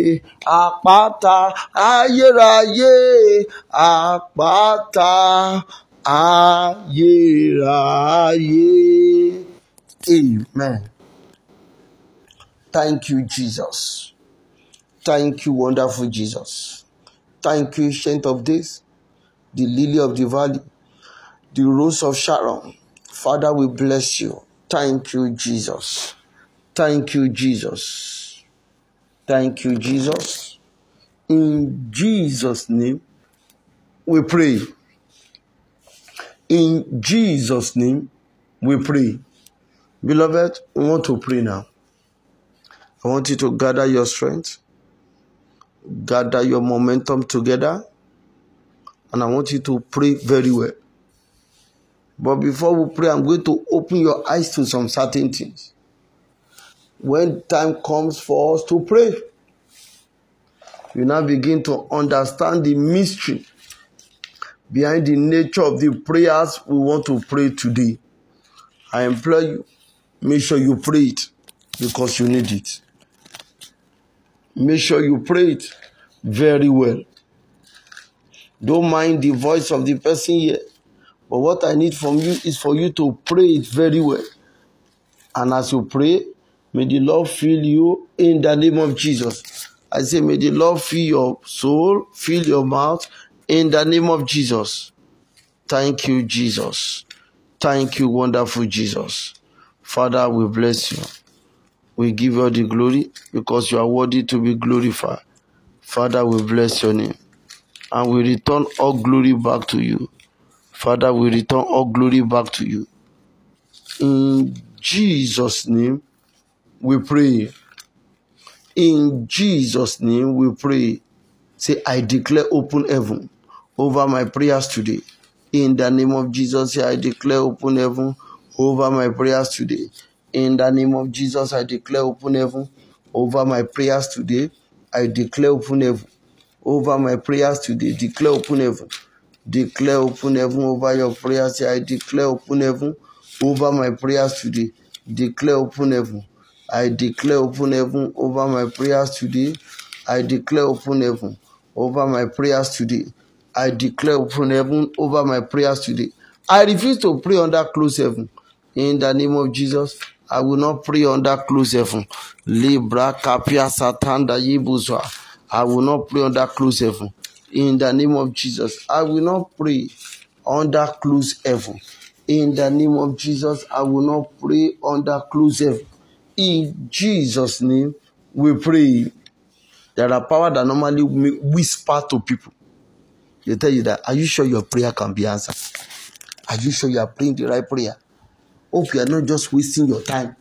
àpáta ayérayé àpáta. Amen. Thank you, Jesus. Thank you, wonderful Jesus. Thank you, Saint of Days, the Lily of the Valley, the Rose of Sharon. Father, we bless you. Thank you, Jesus. Thank you, Jesus. Thank you, Jesus. In Jesus' name, we pray. In Jesus' name, we pray. Beloved, we want to pray now. I want you to gather your strength, gather your momentum together, and I want you to pray very well. But before we pray, I'm going to open your eyes to some certain things. When time comes for us to pray, you now begin to understand the mystery behind the nature of the prayers we want to pray today. I implore you, make sure you pray it because you need it. Make sure you pray it very well. Don't mind the voice of the person here. But what I need from you is for you to pray it very well. And as you pray, may the Lord fill you in the name of Jesus. I say, may the Lord fill your soul, fill your mouth, in the name of Jesus. Thank you, Jesus. Thank you, wonderful Jesus. Father, we bless you. We give you the glory because you are worthy to be glorified. Father, we bless your name. And we return all glory back to you. Father, we return all glory back to you. In Jesus' name, we pray. In Jesus' name, we pray. Say, I declare open heaven over my prayers today. In the name of Jesus, I declare open heaven over my prayers today. In the name of Jesus, I declare open heaven over my prayers today. I declare open heaven over my prayers today. Declare open heaven. Declare open heaven over your prayers. I declare open heaven over my prayers today. Declare open heaven. I declare open heaven over my prayers today. I declare open heaven over my prayers today. I declare from heaven over my prayers today. I refuse to pray under closed heaven. In the name of Jesus, I will not pray under closed heaven. Libra capia satanda yibuzwa. I will not pray under closed heaven. In the name of Jesus, I will not pray under closed heaven. In the name of Jesus, I will not pray under closed heaven. In Jesus' name, we pray. There are power that normally whisper to people they tell you that, are you sure your prayer can be answered? Are you sure you are praying the right prayer? Hope you are not just wasting your time.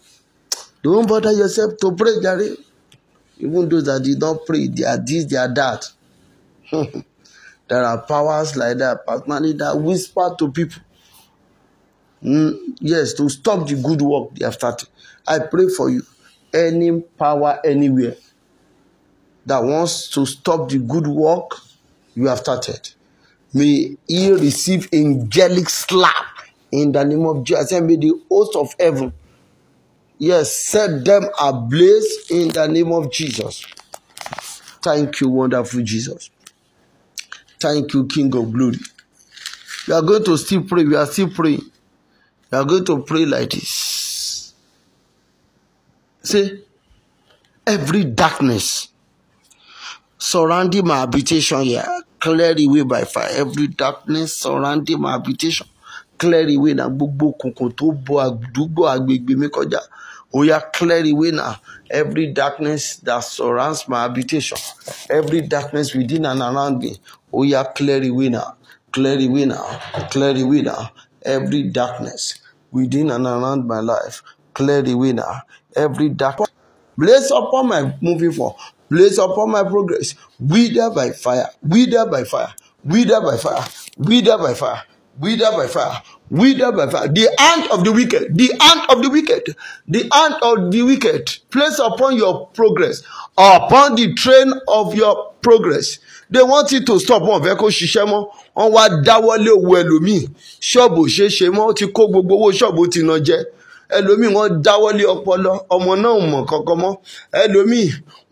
Don't bother yourself to pray, Jerry. Even those that did not pray, they are this, they are that. there are powers like that, personally, that whisper to people. Mm, yes, to stop the good work they have started. I pray for you. Any power anywhere that wants to stop the good work you have started. May he receive angelic slap in the name of Jesus. And may the host of heaven, yes, set them ablaze in the name of Jesus. Thank you, wonderful Jesus. Thank you, King of Glory. We are going to still pray. We are still praying. We are going to pray like this. See every darkness surrounding my habitation here. Clear the way by fire. Every darkness surrounding my habitation. Clear the way Na Gbogbo òkùnkùn tó bo àdúgbò àgbègbè mi kọjá. Oh yeah, clear the way now. Every darkness that surrounds my habitation. Every darkness within and around me. Oh yeah, clear the way now. Clear the way now. Clear the way now. Every darkness within and around my life. Clear the way now. Every darkness. Bless upon my moving forward. Place upon my progress. Wither by fire. Wither by fire. Wither by fire. Wither by fire. Wither by fire. Wither by fire. The hand of the wicked. The hand of the wicked. The hand of the wicked. Place upon your progress. Upon the train of your progress. They want you to stop. Wọ́n fẹ́ kó ṣiṣẹ́ mọ́. Wọ́n wá dáwọ́lé owó ẹlòmíì. Ṣọ́ọ̀bù ṣeéṣe mọ́. ti kó gbogbo owó ṣọ́ọ̀bù ti ná jẹ́ ẹlòmíì wọ́n dáwọ́ lé ọpọlọ ọmọ náà mọ̀ kankan mọ́ ẹlòmíì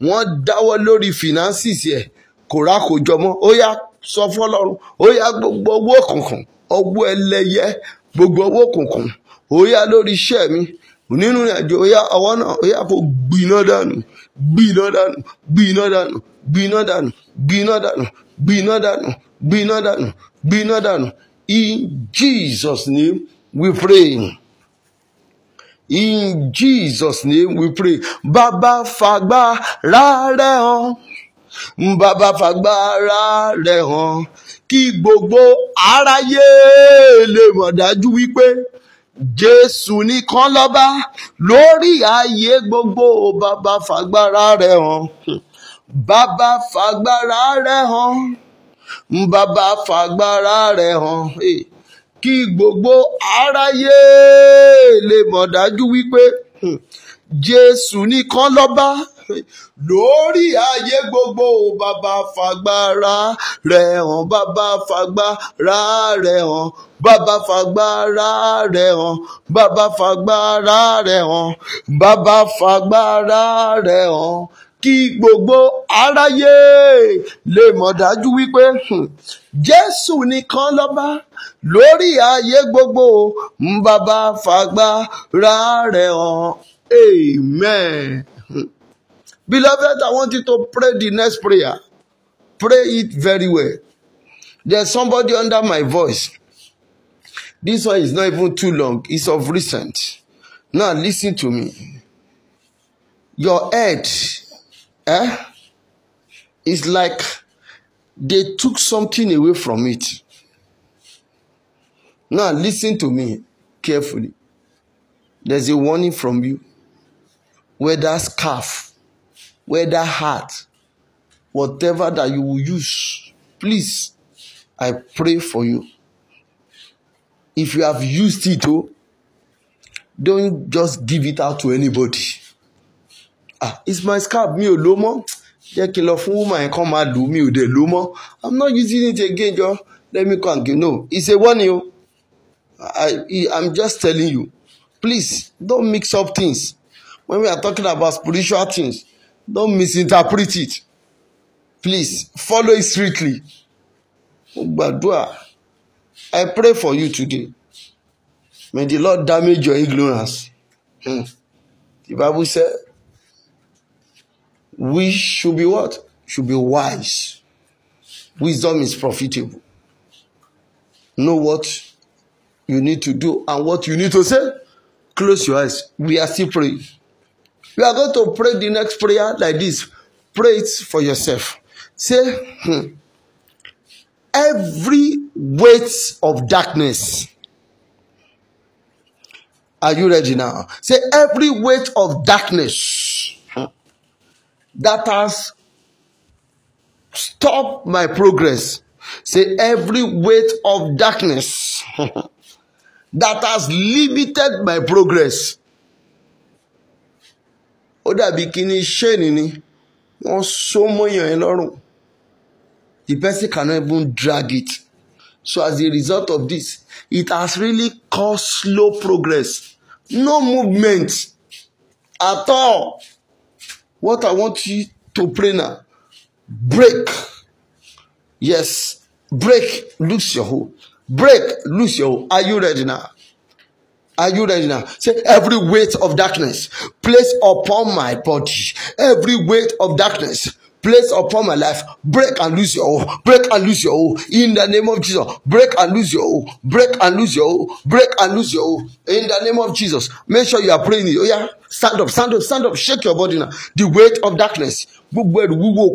wọ́n dáwọ́ lórí finances ẹ̀ kò rákòjọ mọ́ ó yá sọ fọlọ́run ó yá gbogbo owó òkùnkùn ọwọ́ ẹlẹ́yẹ gbogbo owó òkùnkùn ó yá lórí iṣẹ́ mi nínú ìrìnàjò ó yá ọwọ́ náà ó yá kó gbiná dànù gbiná dànù gbiná dànù gbiná dànù gbiná dànù gbiná dànù gbiná dànù gbiná dànù in Jesus name we pray. In Jesus' name we pray. Bàbá fagbára rẹ̀ hàn. Bàbá fagbára rẹ̀ hàn. Ki gbogbo araye le mọ̀ dájú wípé Jésù nìkan lọ́ba lórí ayé gbogbo bàbá fagbára rẹ̀ hàn. Bàbá fagbára rẹ̀ Baba Fagba fagbára rẹ̀ hàn. Hey kí gbogbo aráyé lè mọ̀ dájú wípé hmm, jésù nìkan lọ́ba lórí ayé gbogbo bàbá fagbára rẹ̀ hàn bàbá fagbára rẹ̀ hàn bàbá fagbára rẹ̀ hàn bàbá fagbára rẹ̀ hàn bàbá fagbára rẹ̀ hàn kí gbogbo aráyé lè mọ̀ dájú wípé hmm, jésù nìkan lọ́ba lórí ayé gbogbo ń bàbá fagbára rẹ̀ hàn amen. Hmm. beloved i want you to pray the next prayer pray it very well there's somebody under my voice this one is not even too long it's of recent now listen to me your head Eh? It's like they took something away from it. Now, listen to me carefully. There's a warning from you. Whether scarf, whether hat, whatever that you will use, please, I pray for you. If you have used it, oh, don't just give it out to anybody. ah ismail scab mi ò lò mọ́ jẹ́ kí n lọ fún woman yẹn kán máa lù mí ò dẹ̀ lò mọ́ i'm not using it again jọ let me come again no it's a one, yo. i i'm just telling you please don't mix up things when we are talking about spiritual things don't misinterpret it please follow it strictly O gbàdúrà i pray for you today may the lord damage your ignorance hmm. the bible said we should be what? Should be wise. Wisdom is profitable. Know what you need to do and what you need to say. Close your eyes. We are still praying. We are going to pray the next prayer like this. Pray it for yourself. Say, hmm, every weight of darkness. Are you ready now? Say, every weight of darkness that has stopped my progress. Say, every weight of darkness that has limited my progress. Ó dàbí kíní ṣéènì ni wọ́n so mọ́yàn yẹn lọ́rùn. The person cannot even drag it. So as a result of this, it has really caused slow progress. No movement at all. What I want you to pray now break. Yes, break, lose your hold, Break, lose your hope. Are you ready now? Are you ready now? Say, every weight of darkness, place upon my body. Every weight of darkness, Bless upon my life, break and lose your hold, break and lose your hold. In the name of Jesus, break and lose your hold, break and lose your hold, break and lose your hold. In the name of Jesus, make sure you are praying. Oh yeah, stand up, stand up, stand up, shake your body now. The weight of darkness. gbogbo ẹrù wúwo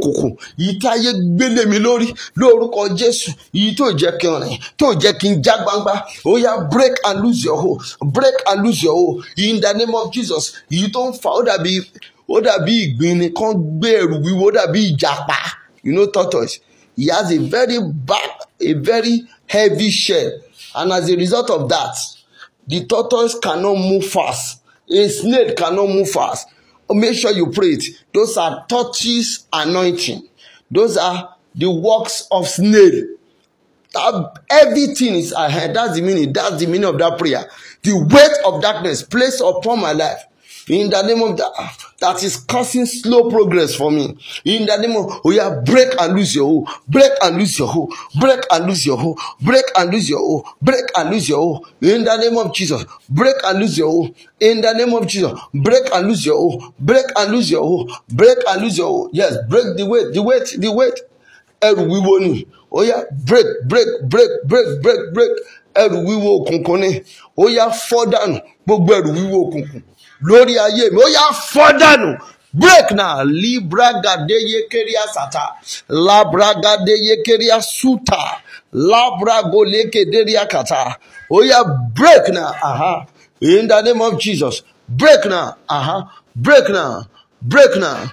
gbélé mi lórí lórúkọ jésù yìí tó jẹ kí n rìn tó jẹ kí n já gbangba ó oh, yá break and lose your hold break and lose your hold in the name of jesus yìí tó ń fa ó dàbí ó dàbí ìgbín ni kán gbé ẹ̀rù wíwo ó dàbí ìjàpá you know tortoise he has a very bad a very heavy shell and as a result of that the tortoise cannot move fast a snake cannot move fast make sure you pray it those are tortoise anointing those are the works of snail that everything is ahead that's the meaning that's the meaning of that prayer the weight of darkness placed upon my life in the name of that that is causing slow progress for me in the name of oh yeah, break and lose your hold break and lose your hold break and lose your hold break and lose your hold break and lose your hold in the name of jesus break and lose your hold in the name of jesus break and lose your hold break and lose your hold break and lose your hold yes break the weight the weight the weight ẹrù wíwo ni yeah, break break break break break break ẹrù wíwo òkùnkùn ni yeah, fall down, gbogbo ẹrù wíwo òkùnkùn. lórí ayé mi ó yá fọ́ dànù break now libragadeye keria sata labragadeye keria suta labragoleke deria kata oh yeah break now uh in the name of jesus break now uh-huh. break now break now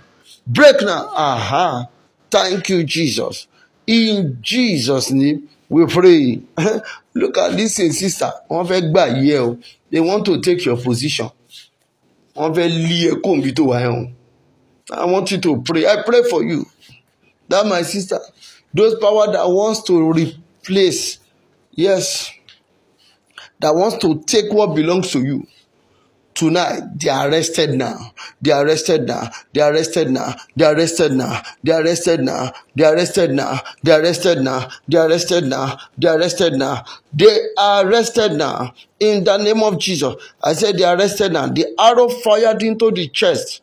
break now uh thank you jesus in jesus name we pray look at this sister wọn fẹ gbà yẹ o they want to take your position wọ́n fẹ́ lé ẹ kó tó wà ẹ̀ I want you to pray I pray for you that my sister those power that wants to replace yes that wants to take what belongs to you Tonight, they are arrested now. They are arrested now. They are arrested now. They are arrested now. They are arrested now. They are arrested now. They are arrested now. They are arrested now. They are arrested now. They are arrested now. In the name of Jesus, I said they are arrested now. The arrow fired into the chest,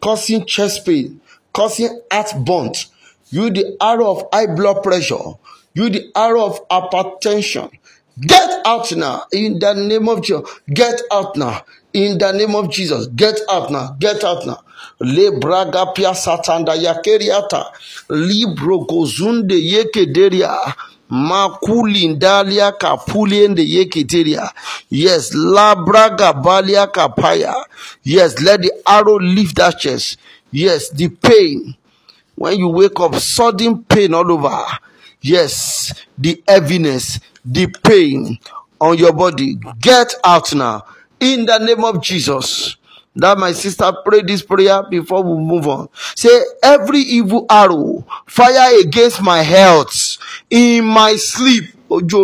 causing chest pain, causing heart burnt. You, the arrow of high blood pressure. You, the arrow of hypertension. Get out now in the name of Jesus. Get out now In the name of Jesus, get out now, get out now. Le braga pia satanda yakeriata, libro gozunde yekederia, makulindalia kapuliende yekiteria. Yes, la braga balia kapaya. Yes, let the arrow leave that chest. Yes, the pain. When you wake up, sudden pain all over. Yes, the heaviness, the pain on your body. Get out now in the name of Jesus. That my sister pray this prayer before we move on. Say, every evil arrow fire against my health in my sleep. ojú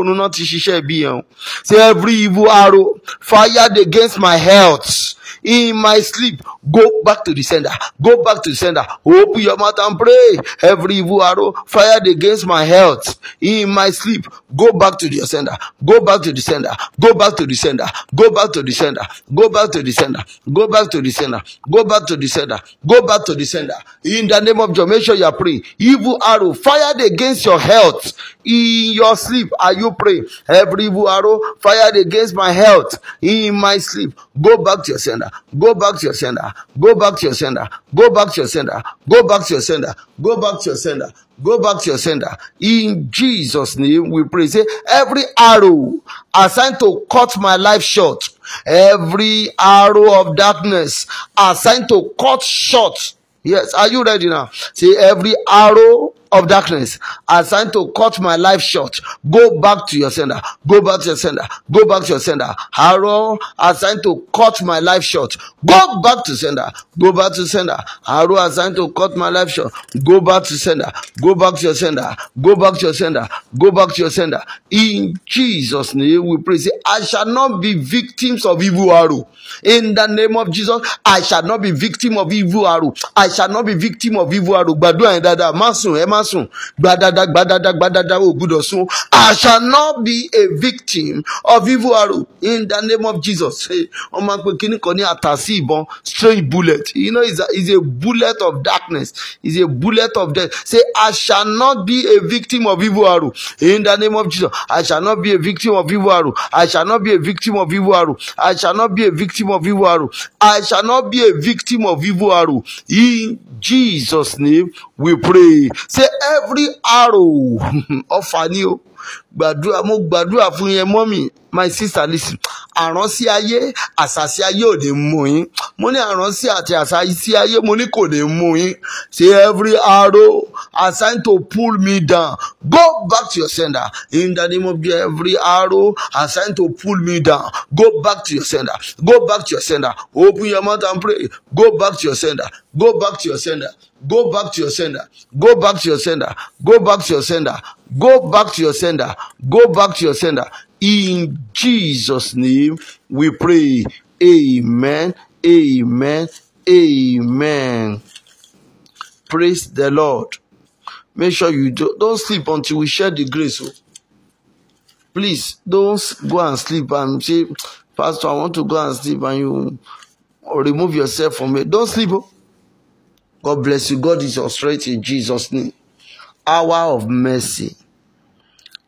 say every evil arrow fired against my health in my sleep. Go back to the sender. Go back to the sender. Open your mouth and pray. Every evil arrow fired against my health in my sleep. Go back to the sender. Go back to the sender. Go back to the sender. Go back to the sender. Go back to the sender. Go back to the sender. Go back to the sender. Go back to the sender. In the name of Jehovah, make sure you are praying. Evil arrow fired against your health in your sleep. Are you praying? Every evil arrow fired against my health in my sleep. Go back to your sender. Go back to your sender. Go back to your sender. Go back to your sender. Go back to your sender. Go back to your sender. Go back to your sender. In Jesus' name, we pray. Say, every arrow assigned to cut my life short, every arrow of darkness assigned to cut short. Yes, are you ready now? Say, every arrow of darkness assigned to cut my life short, go back to your sender. Go back to your sender. Go back to your sender. Arrow assigned to cut my life short, go back to sender. Go back to sender. Arrow assigned to cut my life short, go back to sender. Go back to your sender. Go back to your sender. Go back to your sender. In Jesus' name, we pray. Say, I shall not be victims of evil arrow. In the name of Jesus, I shall not be victim of evil arrow. I shall not be victim of evil arrow. Gbàdúrà yẹn Dada, má sùn má sùn gbadada gbadada gbadada ò gbúdọ̀ sùn I shall not be a victim of evil arrow in the name of Jesus wọ́n máa ń pe kíní kan ní àtàsí ìbọn straight bullet you know it's a, it's a bullet of darkness it's a bullet of death say I shall not be a victim of evil arrow in the name of Jesus I shall not be a victim of evil arrow I shall not be a victim of evil arrow I shall not be a victim of evil arrow I shall not be a victim of evil arrow in Jesus' name we pray. Say every arrow of a new gbàdúrà mo gbàdúrà fún yẹn mọ́mì my sister listen àránsí ayé àṣàṣì ayé ò ní mú yín mo ní àránsí àti àṣàṣì ayé mo ní kò ní mú yín say every arrow assigned to pull me down go back to your sender in the name of the every arrow assigned to pull me down go back to your sender go back to your sender open your mouth and pray go back to your sender go back to your sender go back to your sender go back to your sender go back to your sender Go back to your sender. Go back to your sender. In Jesus' name, we pray. Amen. Amen. Amen. Praise the Lord. Make sure you do, not sleep until we share the grace. Oh. Please don't go and sleep and say, Pastor, I want to go and sleep, and you remove yourself from it. Don't sleep. Oh. God bless you. God is your strength in Jesus' name. hour of mercy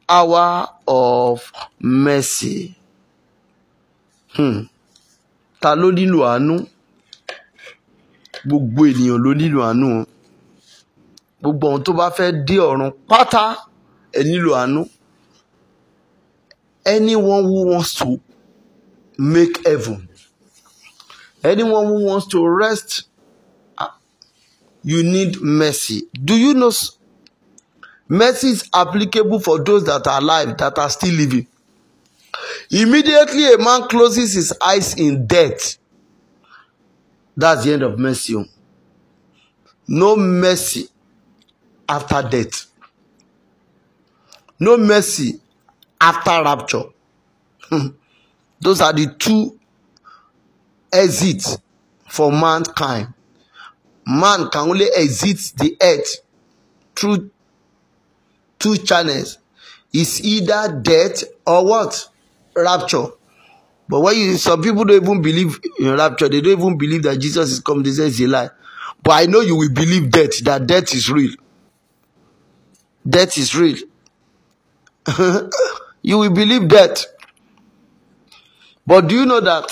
hour of mercy hmm. ta ló nílò àánú gbogbo ènìyàn ló nílò àánú o gbogbo ohun tó bá fẹ́ dé ọ̀run pátá ẹ nílò àánú anyone who wants to make heaven anyone who wants to rest ah, you need mercy do you know Mercy is applicable for those that are alive, that are still living. Immediately a man closes his eyes in death, that's the end of mercy. No mercy after death. No mercy after rapture. Hmm. Those are the two exits for mankind. Man can only exit the earth through two channels. It's either death or what? Rapture. But when you some people don't even believe in rapture, they don't even believe that Jesus is coming. They say it's a lie. But I know you will believe death, that death is real. Death is real. you will believe that. But do you know that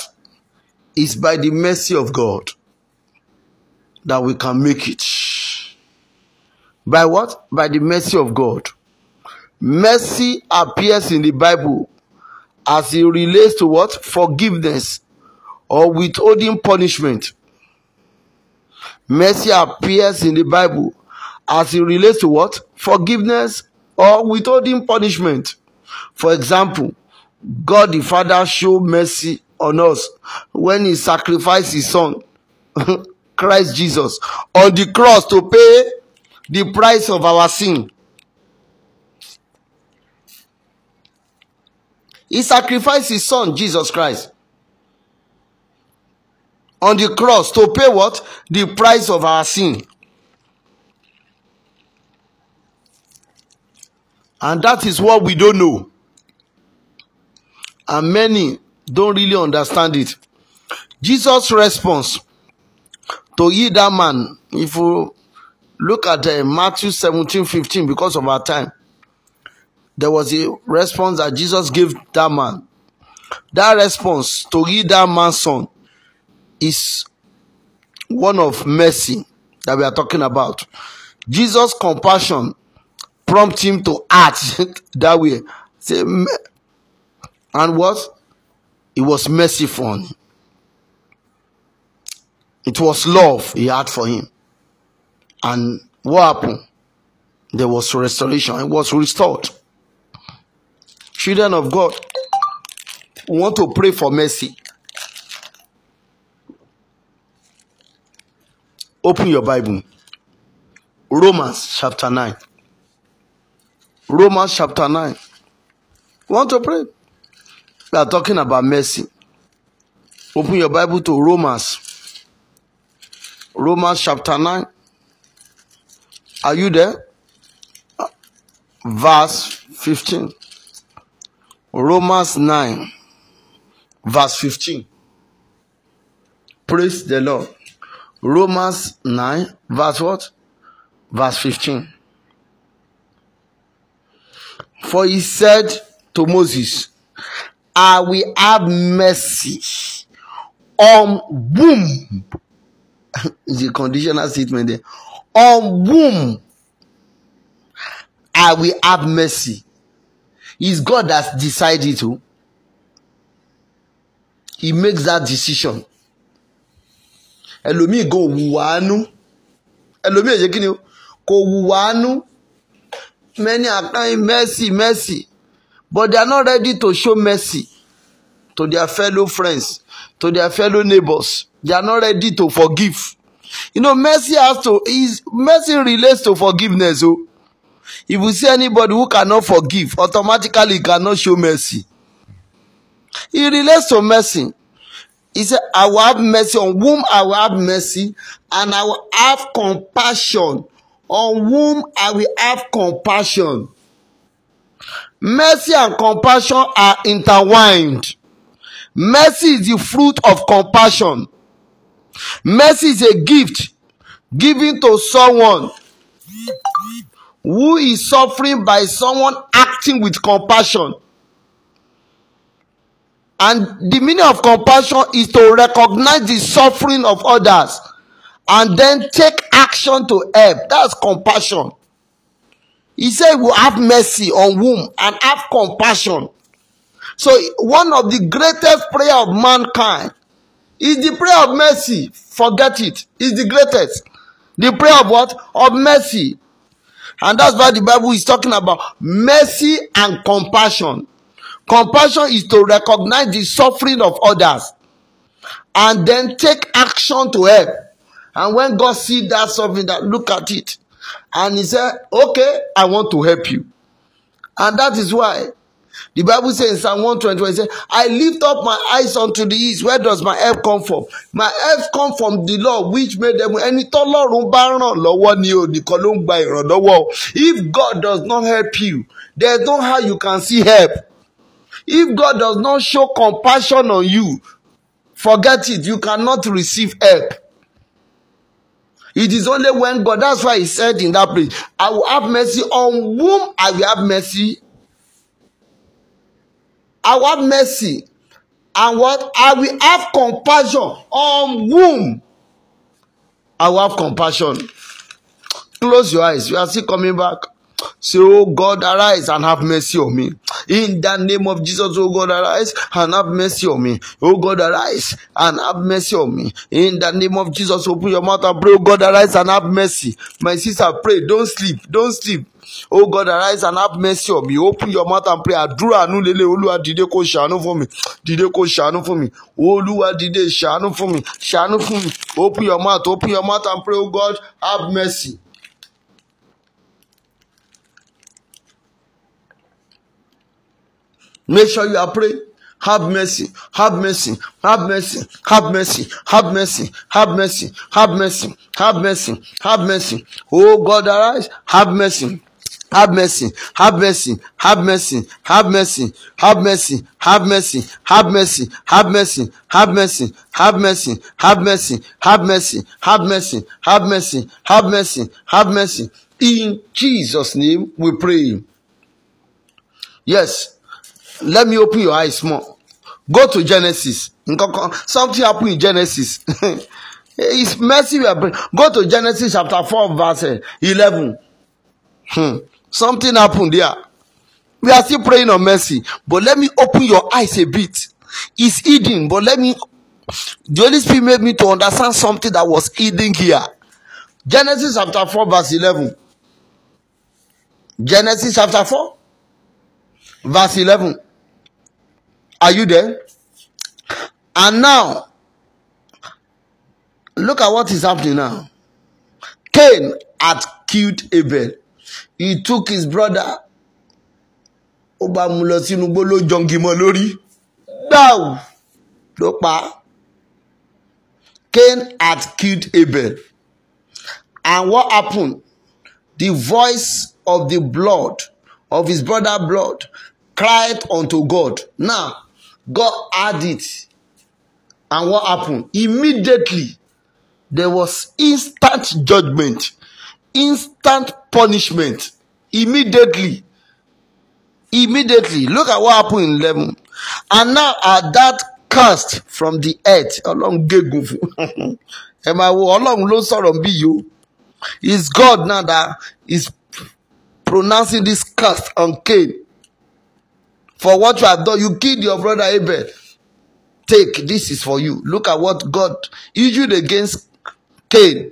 it's by the mercy of God that we can make it? By what? By the mercy of God. Mercy appears in the Bible as it relates to what? Forgiveness or withholding punishment. Mercy appears in the Bible as it relates to what? Forgiveness or withholding punishment. For example, God the Father showed mercy on us when he sacrificed his son, Christ Jesus, on the cross to pay the price of our sin. He sacrificed his son, Jesus Christ, on the cross to pay what? The price of our sin. And that is what we don't know. And many don't really understand it. Jesus' response to either that man, if you look at uh, Matthew 17 15, because of our time, there was a response that Jesus gave that man. That response to give that man's son is one of mercy that we are talking about. Jesus' compassion prompted him to act that way. And what? It was merciful. It was love he had for him. And what happened? There was restoration. It was restored. Children of God, we want to pray for mercy. Open your Bible. Romans chapter 9. Romans chapter 9. We want to pray. We are talking about mercy. Open your Bible to Romans. Romans chapter 9. Are you there? Verse 15. Romans 9, verse 15. Praise the Lord. Romans 9, verse what? Verse 15. For he said to Moses, I will have mercy on whom, the conditional statement there, on whom I will have mercy Is God that decided to. Oh. He makes that decision. Ẹlòmíì go wùwánú. Ẹlòmíì èyí kí ni o? Kò Many are crying mercy mercy but they are not ready to show mercy to their fellow friends, to their fellow neighbors. They are not ready to forgive. You know, mercy has to is mercy relates to forgiveness. Oh. If you see anybody who cannot forgive, automatically he cannot show mercy. He relates to mercy. He said, I will have mercy on whom I will have mercy, and I will have compassion on whom I will have compassion. Mercy and compassion are intertwined. Mercy is the fruit of compassion. Mercy is a gift given to someone who is suffering by someone acting with compassion. And the meaning of compassion is to recognize the suffering of others and then take action to help. That's compassion. He said, "We have mercy on whom and have compassion." So one of the greatest prayer of mankind is the prayer of mercy. Forget it. It's the greatest. The prayer of what? Of mercy. And that's why the Bible is talking about mercy and compassion. Compassion is to recognize the suffering of others and then take action to help. And when God sees that suffering, that look at it. And he said, Okay, I want to help you. And that is why the Bible says in Psalm 121, it says, I lift up my eyes unto the east. Where does my help come from? My help come from the Lord, which made them. Ẹni tọ́lọ́run bá ràn o, If God does not help you, there's no how you can see help. If God does not show compassion on you, forget it. You cannot receive help. It is only when God, that's why he said in that place, I will have mercy on whom I will have mercy I want mercy. And what? I will have compassion on whom I will have compassion. Close your eyes. You are still coming back. Say, Oh God, arise and have mercy on me. In the name of Jesus, oh God, arise and have mercy on me. Oh God, arise and have mercy on me. In the name of Jesus, open your mouth and pray, oh God, arise and have mercy. My sister, pray. Don't sleep. Don't sleep. oh god arise and have mercy on me open your mouth and pray àdúrà àánú lélẹ̀ olúwa dìde kó ṣàánú fún mi dìde kó ṣàánú fún mi olúwa dìde ṣàánú fún mi ṣàánú fún mi open your mouth open your mouth and pray oh god have mercy. make sure you are praying. Have mercy, have mercy, have mercy, have mercy, have mercy, have mercy, have mercy, have mercy, have mercy. Oh God, arise, have mercy. Have mercy, have mercy, have mercy, have mercy, have mercy, have mercy, have mercy, have mercy, have mercy, have mercy, have mercy, have mercy, have mercy, have mercy, have mercy, have mercy. In Jesus' name we pray. Yes, let me open your eyes more. Go to Genesis. Something happened in Genesis. It's mercy we are praying. Go to Genesis chapter four, verse eleven. Hmm. Something happened there. We are still praying on mercy. But let me open your eyes a bit. It's hidden, but let me. The Holy Spirit made me to understand something that was hidden here. Genesis chapter 4, verse 11. Genesis chapter 4, verse 11. Are you there? And now, look at what is happening now. Cain had killed Abel. he took his brother ó bá mú lọ sínú igbó ló jọngìmọ̀ lórí dáw ló pa Cain had killed Abel and what happened the voice of the blood of his brother blood cried unto God now God heard it and what happened immediately there was instant judgment instant punishment immediately immediately look at what happened in eleven and now are that cast from the earth ọlọ́run gégùn fún ẹ máa wo ọlọ́run ló sọ̀rọ̀ bí yìí o it's God now that is pronouncing this cast on Cain for what you have done you killed your brother Abel take this is for you look at what God issued against Cain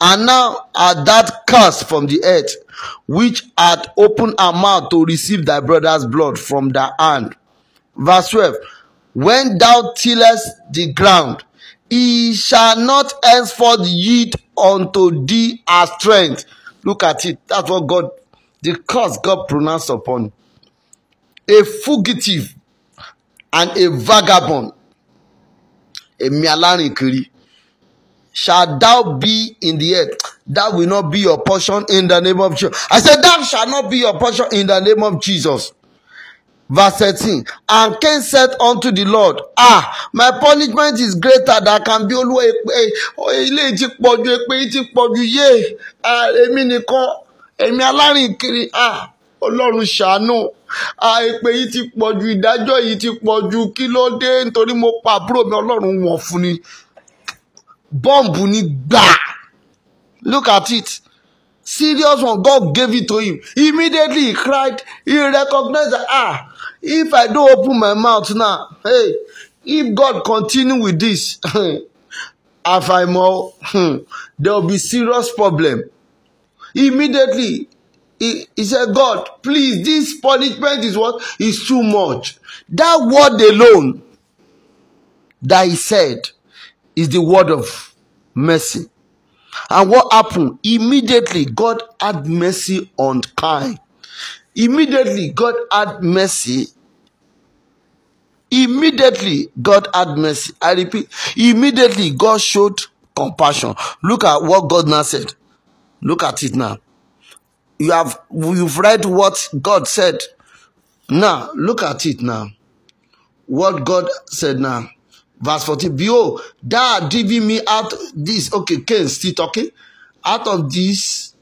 and now at that curse from the earth, which had opened her mouth to receive thy brother's blood from thy hand. Verse 12 When thou tillest the ground, he shall not henceforth yield unto thee as strength. Look at it. That's what God, the curse God pronounced upon. A fugitive and a vagabond. A mialani kiri. shall thou be in the earth. That will not be your portion in the name of Jesus. I said, That shall not be your portion in the name of Jesus. Verse 13. And Cain said unto the Lord, Ah, my punishment is greater than can be olúwa èpè. Ilé ti pọ̀jù èpè ti pọ̀jù yé. Èmi nìkan, èmi alárìnkiri. Ah, Ọlọ́run ṣàánú. Ah, èpè yìí ti pọ̀jù ìdájọ́ yìí ti pọ̀jù kí ló dé nítorí mo pa àbúrò mi Ọlọ́run wọ̀n fún ni bọ́ǹbù ni gbà look at it serious one God gave it to him immediately he cried he recognized that ah if I don't open my mouth now hey if God continue with this àfàìmọ̀ hmm, there will be serious problem immediately he, he said God please this punishment is what is too much that word alone that he said is the word of mercy. And what happened? Immediately, God had mercy on Cain. Immediately, God had mercy. Immediately, God had mercy. I repeat, immediately, God showed compassion. Look at what God now said. Look at it now. You have you've read what God said. Now look at it now. What God said now. Verse 14, behold, thou art me out this. Okay, Cain still talking. Out of this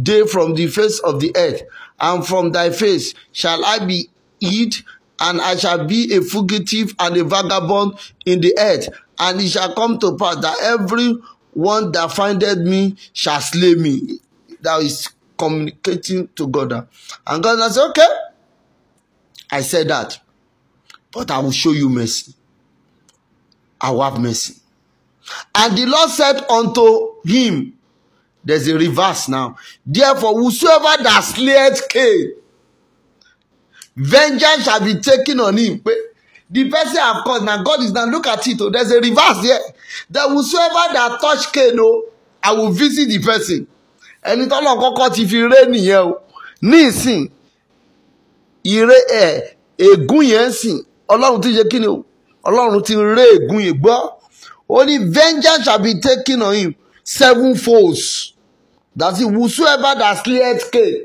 day from the face of the earth, and from thy face shall I be hid, and I shall be a fugitive and a vagabond in the earth. And it shall come to pass that every one that findeth me shall slay me. That is communicating to God. And God said, Okay, I said that, but I will show you mercy. have mercy. And the Lord said unto him, There's a reverse now. Therefore, whosoever that slayeth Cain, vengeance shall be taken on him. The person have caused. Now God is now look at it. Oh, there's a reverse here. That whosoever that touch Cain, oh, I will visit the person. And tọ́lọ̀ all ti God ré nìyẹn o. Nísìn, ìré ẹ̀ eh, ègún yẹn ń a good ti ṣe kí ni you ọlọ́run ti ré ègún yìí gbọ́ ó ní vengeance shall be taken on him seven folds that is whosoever that slayeth Cain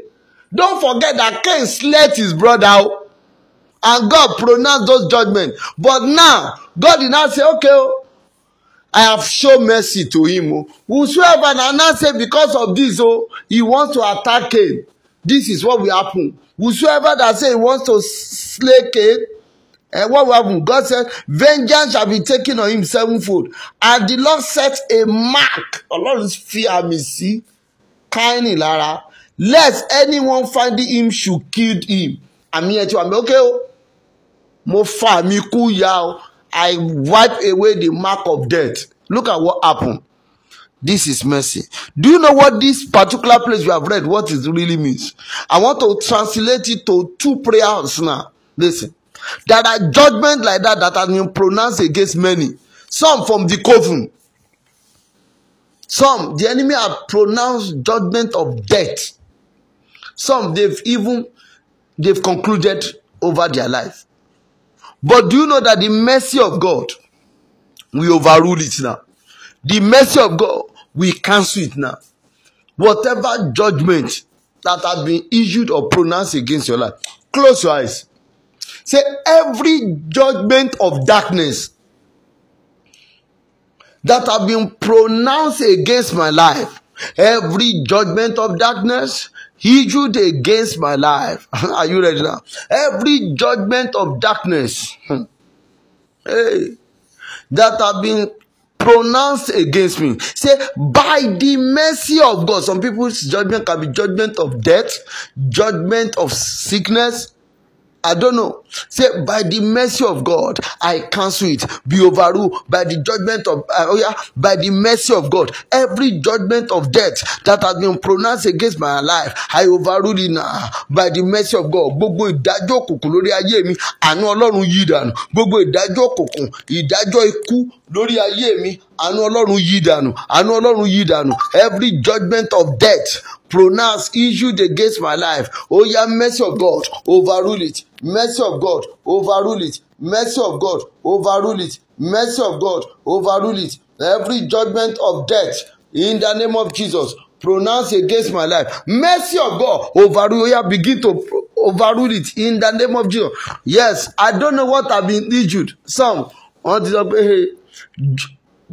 don't forget that Cain slayeth his brother o and God pronounced those judgments but now God did not say okay o. I have shown mercy to him. Oh. Whosoever now, now say because of this, oh, he wants to attack Cain. This is what will happen. Whosoever that say he wants to slay Cain, And eh, what will happen? God said, Vengeance shall be taken on him sevenfold. And the Lord set a mark. Ọlọ́run fear àmì sí Káínì lara, Lest anyone finding him should kill him. I mean, tí okay o. Mo fa àmì kú ya o. I wipe away the mark of death. Look at what happened. This is mercy. Do you know what this particular place we have read, what it really means? I want to translate it to two prayers now. Listen. There are judgments like that that have been pronounced against many. Some from the coven. Some, the enemy have pronounced judgment of death. Some, they've even, they've concluded over their life. But do you know that the mercy of God, we overrule it now. The mercy of God, we cancel it now. Whatever judgment that has been issued or pronounced against your life, close your eyes. Say every judgment of darkness that have been pronounced against my life, every judgment of darkness issued against my life. Are you ready now? Every judgment of darkness hey, that have been pronounced against me. Say, by the mercy of God. Some people's judgment can be judgment of death, judgment of sickness, I don't know. Say, by the mercy of God, I cancel it. Be overruled by the judgment of, uh, oh yeah, by the mercy of God. Every judgment of death that has been pronounced against my life, I overrule it now. By the mercy of God. Gbogbo ìdájọ́ òkùnkùn lórí ayé mi, àánú Ọlọ́run yí dànù. Gbogbo ìdájọ́ òkùnkùn, ìdájọ́ ikú lórí ayé mi, àánú ọlọ́run yí dànù àánú ọlọ́run yí dànù every judgment of death pronounced issued against my life Oh, yeah, mercy of God overrule it mercy of God overrule it mercy of God overrule it mercy of God overrule it every judgment of death in the name of Jesus pronounced against my life mercy of God overrule oya begin to overrule it in the name of Jesus yes I don't know what I been injured some wọ́n ti sọ pé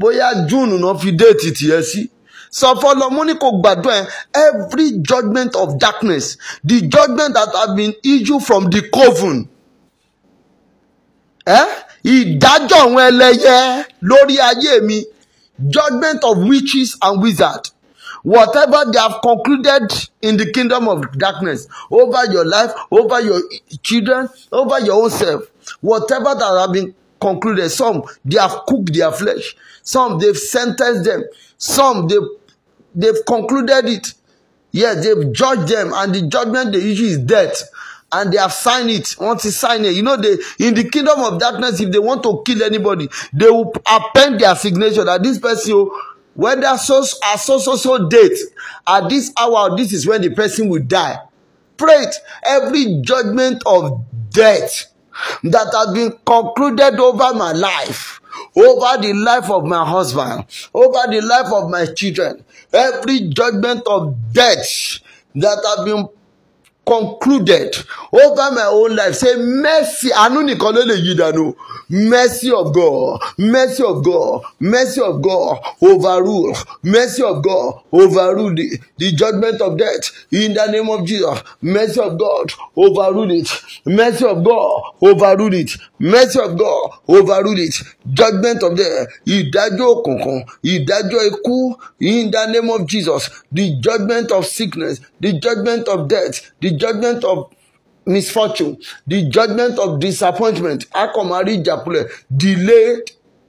bóyá june náà fi déètì tiẹ̀ sí sọ fọlọ mo ní kò gbàdúrà ẹ every judgment of darkness the judgment that have been issued from the coven ẹ ìdájọ́ àwọn ẹlẹ́yẹ lórí ayé mi judgment of witches and wizards whatever they have concluded in the kingdom of darkness over your life over your children over your own self whatever that have been concluded. Some they have cooked their flesh. Some they've sentenced them. Some they they've concluded it. Yes, they've judged them, and the judgment they issue is death. And they have signed it. Once they sign it, you know, they in the kingdom of darkness, if they want to kill anybody, they will append their signature that this person, when oh, whether so are so so so date, at this hour, this is when the person will die. Pray it. Every judgment of death that has been concluded over my life, over the life of my husband, over the life of my children, every judgment of death that has been concluded over my own life say mercy Anu nìkan ló le yí dànù mercy of God mercy of God mercy of God overrule mercy of God overrule the, the judgment of death in the name of Jesus mercy of God overrule it mercy of God overrule it mercy of God overrule it judgment of death Idajo òkùnkùn Idajo ikú in the name of Jesus the judgment of sickness the judgment of death the the judgment of misfortune, the judgment of disappointment, a kò máa rí delay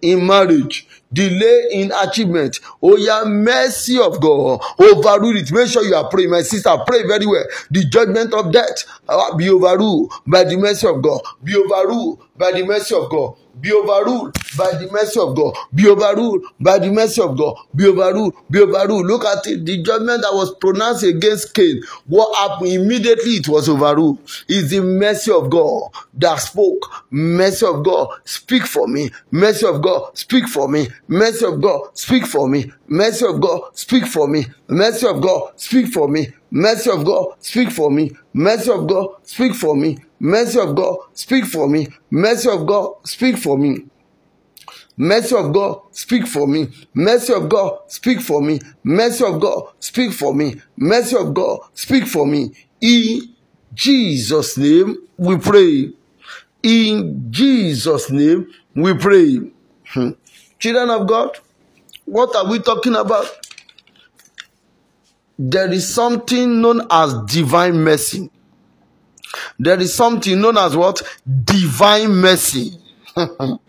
in marriage delay in achievement. Oh, yeah, mercy of God. Overrule it. Make sure you are praying. My sister, pray very well. The judgment of death uh, be overruled by the mercy of God. Be overruled by the mercy of God. Be overruled by the mercy of God. Be overruled by the mercy of God. Be overruled. Be overruled. Look at it. The judgment that was pronounced against Cain. What happened? Immediately it was overruled. It's the mercy of God that spoke. Mercy of God, speak for me. Mercy of God, speak for me. Mercy of God, speak for me. Mercy of God, speak for me. Mercy of God, speak for me. Mercy of God, speak for me. Mercy of God, speak for me. Mercy of God, speak for me. Mercy of God, speak for me. Mercy of God, speak for me. Mercy of God, speak for me. Mercy of God, speak for me. Mercy of God, speak for me. In Jesus' name we pray. In Jesus' name we pray. Children of God, what are we talking about? There is something known as divine mercy. There is something known as what? Divine mercy. Do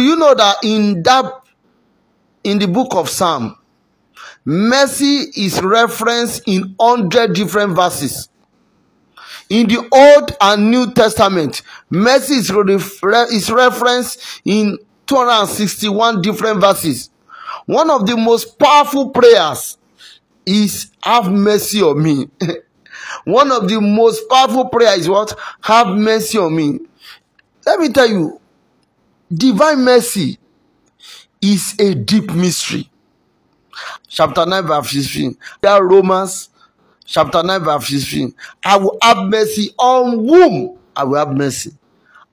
you know that in that in the book of Psalm, mercy is referenced in 100 different verses. In the Old and New Testament, mercy is, refer- is referenced in 261 different verses. One of the most powerful prayers is, Have mercy on me. One of the most powerful prayer is what? Have mercy on me. Let me tell you, divine mercy is a deep mystery. Chapter 9, verse 15. That Romans chapter 9, verse 15. I will have mercy on whom I will have mercy.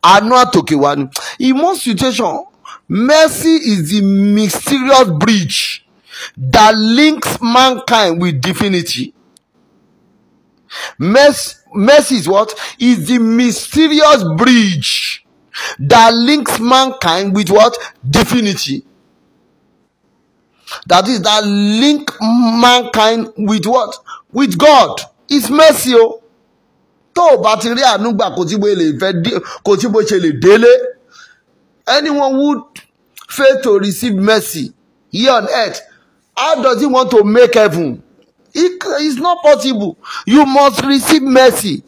I know how to one. In most situation, Mercy is the mysterious bridge that links mankind with divinity. Mercy, is what? Is the mysterious bridge that links mankind with what? Divinity. That is that link mankind with what? With God. It's mercy o. Tó o bá ti rí àánú gbà kò tí bó ṣe lè délé. anyone who fail to receive mercy here on earth, how does he want to make heaven? It is not possible. You must receive mercy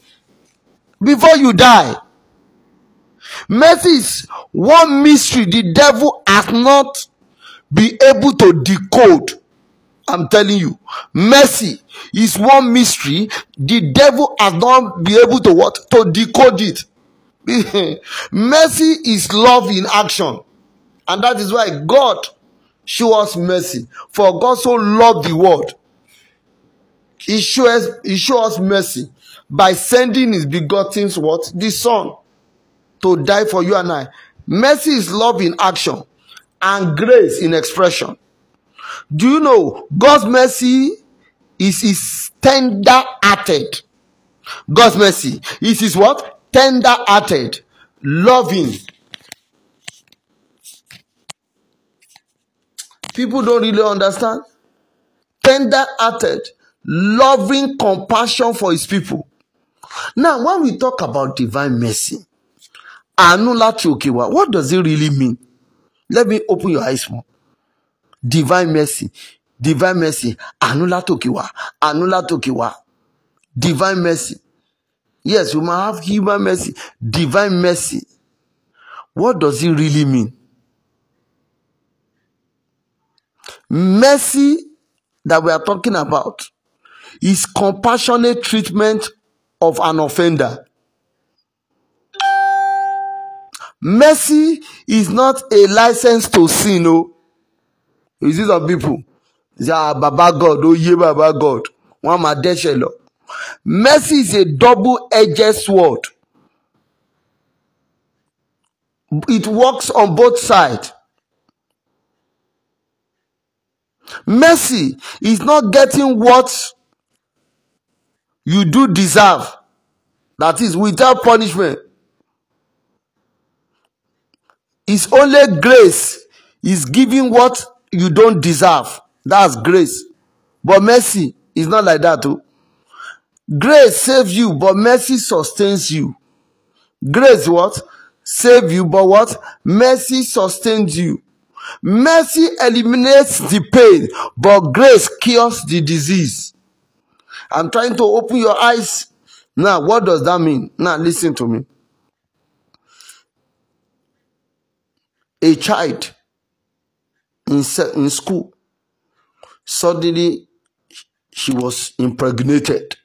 before you die. Mercy is one mystery the devil has not been able to decode. I'm telling you, mercy is one mystery the devil has not been able to what to decode it. mercy is love in action. And that is why God show us mercy. For God so loved the world. He show us, he show us mercy by sending his begotten what? The Son to die for you and I. Mercy is love in action and grace in expression. Do you know God's mercy is, is tender hearted? God's mercy is his what? tender hearted, loving. People don't really understand. Tender hearted, loving compassion for his people. Now, when we talk about divine mercy, Anulachiokewa, what does it really mean? Let me open your eyes more. Divine mercy, divine mercy, anula Anulatokewa, divine mercy. Yes, you must have human mercy, divine mercy. What does it really mean? Mercy that we are talking about is compassionate treatment of an offender. Mercy is not a license to sin. No, is it some people? Is ah, Baba God? Oh, yeah, Baba God. One my Mercy is a double edged sword, it works on both sides. Mercy is not getting what you do deserve, that is, without punishment. It's only grace is giving what you don't deserve. That's grace. But mercy is not like that, too. Oh. Grace saves you, but mercy sustains you. Grace what? Save you, but what? Mercy sustains you. Mercy eliminates the pain, but grace cures the disease. I'm trying to open your eyes. Now, what does that mean? Now, listen to me. A child in, in school, suddenly she was impregnated.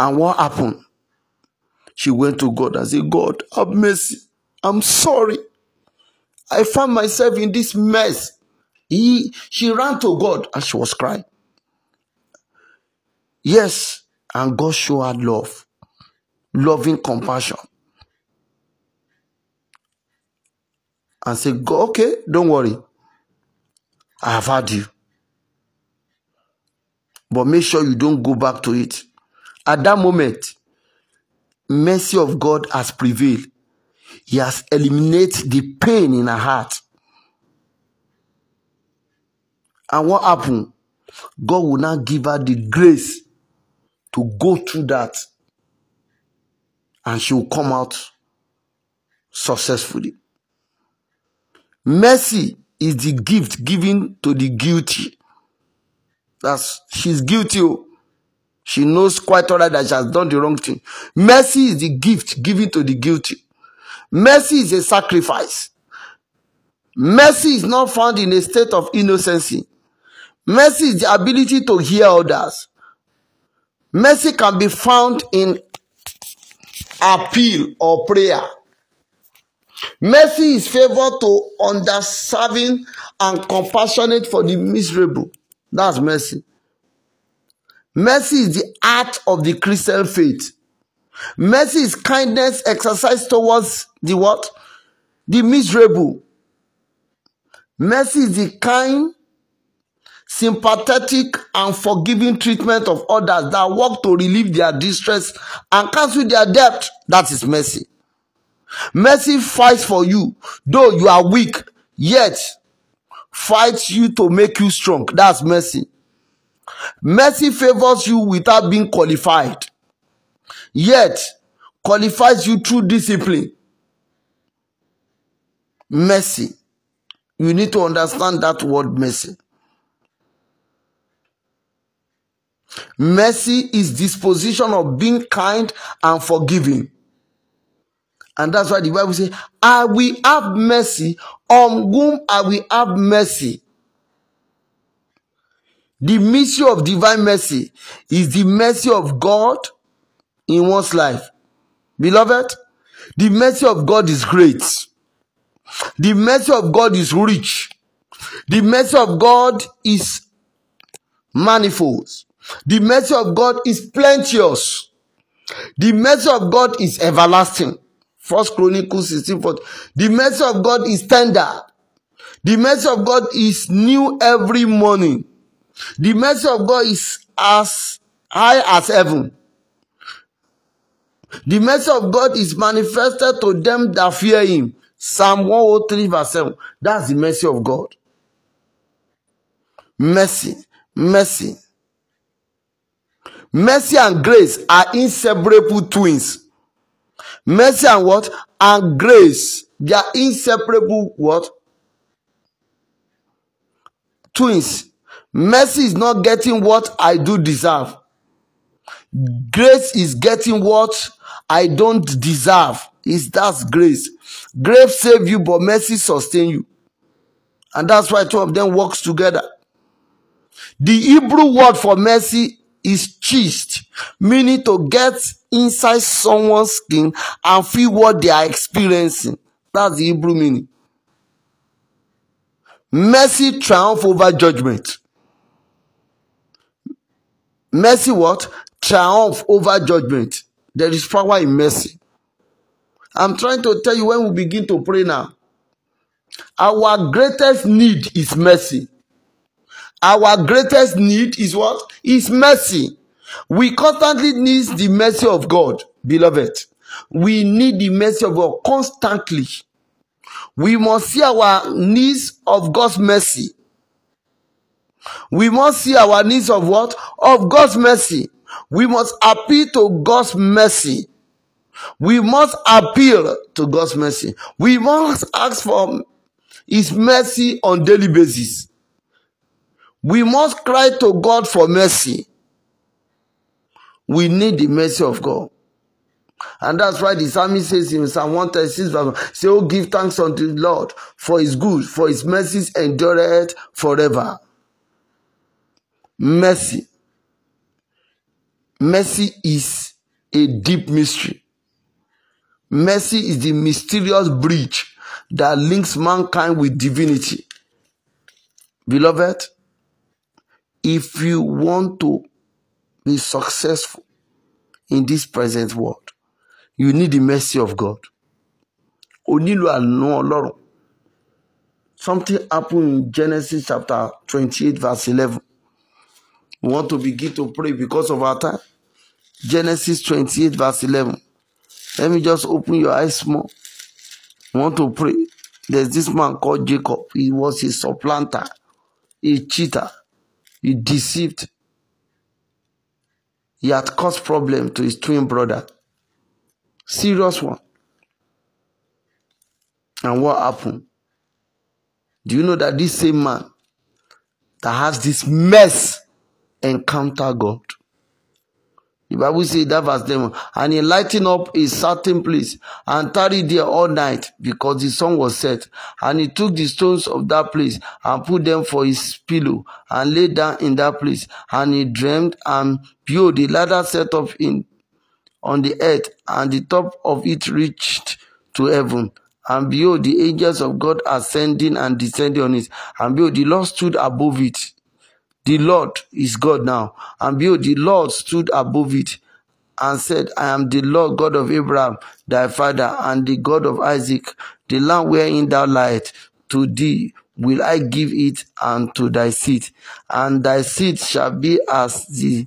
And what happened? She went to God and said, God, have mercy. I'm sorry. I found myself in this mess. He, she ran to God and she was crying. Yes, and God showed her love, loving compassion. And said, "Go, okay, don't worry. I have had you. But make sure you don't go back to it. At that moment, mercy of God has prevailed. He has eliminated the pain in her heart. And what happened? God will now give her the grace to go through that. And she will come out successfully. Mercy is the gift given to the guilty. That's she's guilty. Oh. She knows quite all right that she has done the wrong thing. Mercy is the gift given to the guilty. Mercy is a sacrifice. Mercy is not found in a state of innocency. Mercy is the ability to hear others. Mercy can be found in appeal or prayer. Mercy is favor to underserving and compassionate for the miserable. That's mercy. Mercy is the heart of the Christian faith. Mercy is kindness exercised towards the what? The miserable. Mercy is the kind, sympathetic, and forgiving treatment of others that work to relieve their distress and cancel their debt. That is mercy. Mercy fights for you, though you are weak, yet fights you to make you strong. That's mercy. Mercy favors you without being qualified, yet qualifies you through discipline. Mercy. You need to understand that word mercy. Mercy is disposition of being kind and forgiving. And that's why the Bible says, I will have mercy on whom I will have mercy The mystery of divine mercy is the mercy of God in one's life. Beloved, the mercy of God is great. The mercy of God is rich. The mercy of God is manifold. The mercy of God is plenteous. The mercy of God is everlasting. First Chronicles 16 40. The mercy of God is tender. The mercy of God is new every morning. The mercy of God is as high as heaven. The mercy of God is manifested to them that fear him. Psalm 103, verse 7. That's the mercy of God. Mercy, mercy. Mercy and grace are inseparable twins. Mercy and what? And grace. They are inseparable what? Twins. Mercy is not getting what I do deserve. Grace is getting what I don't deserve. Is that's grace. Grace save you, but mercy sustain you. And that's why two of them works together. The Hebrew word for mercy is chist, meaning to get inside someone's skin and feel what they are experiencing. That's the Hebrew meaning. Mercy triumph over judgment. Mercy what? Triumph over judgment. There is power in mercy. I'm trying to tell you when we begin to pray now. Our greatest need is mercy. Our greatest need is what? Is mercy. We constantly need the mercy of God, beloved. We need the mercy of God constantly. We must see our needs of God's mercy we must see our needs of what? Of God's mercy. We must appeal to God's mercy. We must appeal to God's mercy. We must ask for His mercy on daily basis. We must cry to God for mercy. We need the mercy of God. And that's why the psalmist says in Psalm 136, say, Oh, give thanks unto the Lord for his good, for his mercies endureth forever mercy. Mercy is a deep mystery. Mercy is the mysterious bridge that links mankind with divinity. Beloved, if you want to be successful in this present world, you need the mercy of God. O nílò àánú Ọlọ́run. Something happened in Genesis chapter 28 verse 11. We want to begin to pray because of our time. Genesis 28, verse 11. Let me just open your eyes more. We want to pray. There's this man called Jacob. He was a supplanter, a cheater, he deceived. He had caused problem to his twin brother. Serious one. And what happened? Do you know that this same man that has this mess encounter God. The Bible says that verse them. and he lightened up a certain place and tarried there all night because the sun was set. And he took the stones of that place and put them for his pillow and lay down in that place. And he dreamed and behold, the ladder set up in on the earth and the top of it reached to heaven. And behold, the angels of God ascending and descending on it. And behold, the Lord stood above it. The Lord is God now. And behold, the Lord stood above it and said, I am the Lord God of Abraham, thy father, and the God of Isaac. The land wherein thou liest, to thee will I give it and to thy seed. And thy seed shall be as the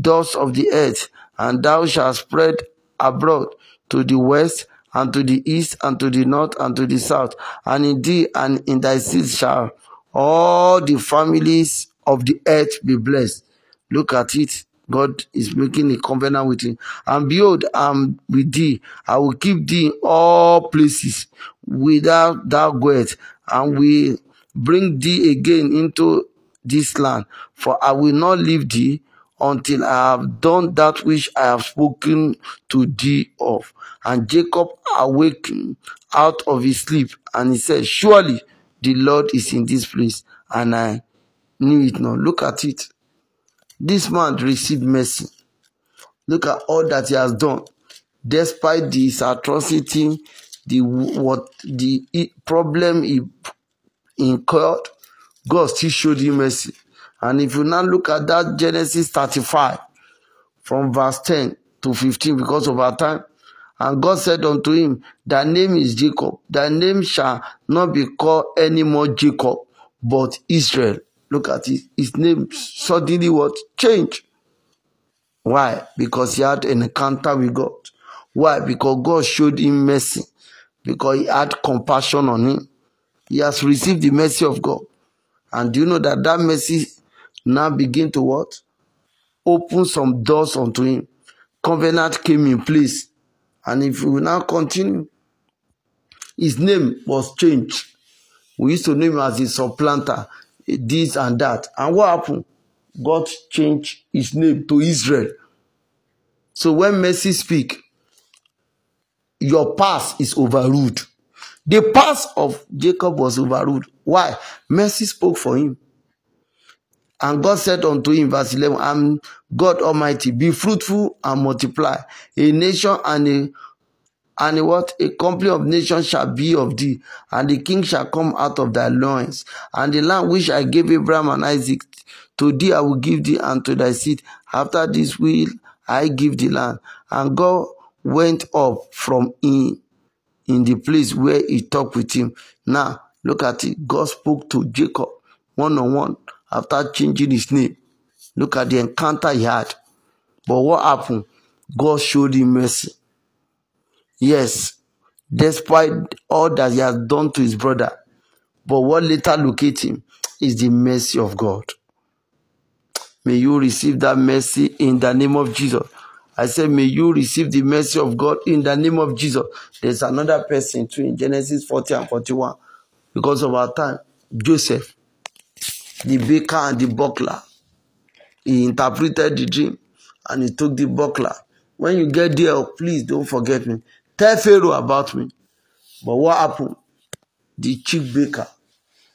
dust of the earth, and thou shalt spread abroad to the west and to the east and to the north and to the south. And in thee and in thy seed shall all the families of the earth be blessed. Look at it. God is making a covenant with him. And behold, I'm with thee. I will keep thee in all places without thou goest, and will bring thee again into this land. For I will not leave thee until I have done that which I have spoken to thee of. And Jacob awakened out of his sleep, and he said, Surely the Lord is in this place, and I knew it now. Look at it. This man received mercy. Look at all that he has done. Despite this atrocity, the what the problem he incurred, God still showed him mercy. And if you now look at that Genesis 35 from verse 10 to 15 because of our time, and God said unto him, Thy name is Jacob. Thy name shall not be called any more Jacob, but Israel. Look at his His name suddenly was changed. Why? Because he had an encounter with God. Why? Because God showed him mercy. Because he had compassion on him. He has received the mercy of God. And do you know that that mercy now begin to what? Open some doors unto him. Covenant came in place. And if we now continue, his name was changed. We used to name him as the supplanter this and that. And what happened? God changed his name to Israel. So when mercy speak, your past is overruled. The past of Jacob was overruled. Why? Mercy spoke for him. And God said unto him, verse 11, I'm God Almighty, be fruitful and multiply. A nation and a and what a company of nations shall be of thee, and the king shall come out of thy loins. And the land which I gave Abraham and Isaac, to thee I will give thee and to thy seed. After this will I give the land. And God went up from him in the place where he talked with him. Now, look at it. God spoke to Jacob one on one after changing his name. Look at the encounter he had. But what happened? God showed him mercy. Yes, despite all that he has done to his brother. But what later at him is the mercy of God. May you receive that mercy in the name of Jesus. I said, may you receive the mercy of God in the name of Jesus. There's another person too in Genesis 40 and 41. Because of our time, Joseph, the baker and the buckler, he interpreted the dream and he took the buckler. When you get there, oh, please don't forget me. Tell Pharaoh about me. But what happened? The chief baker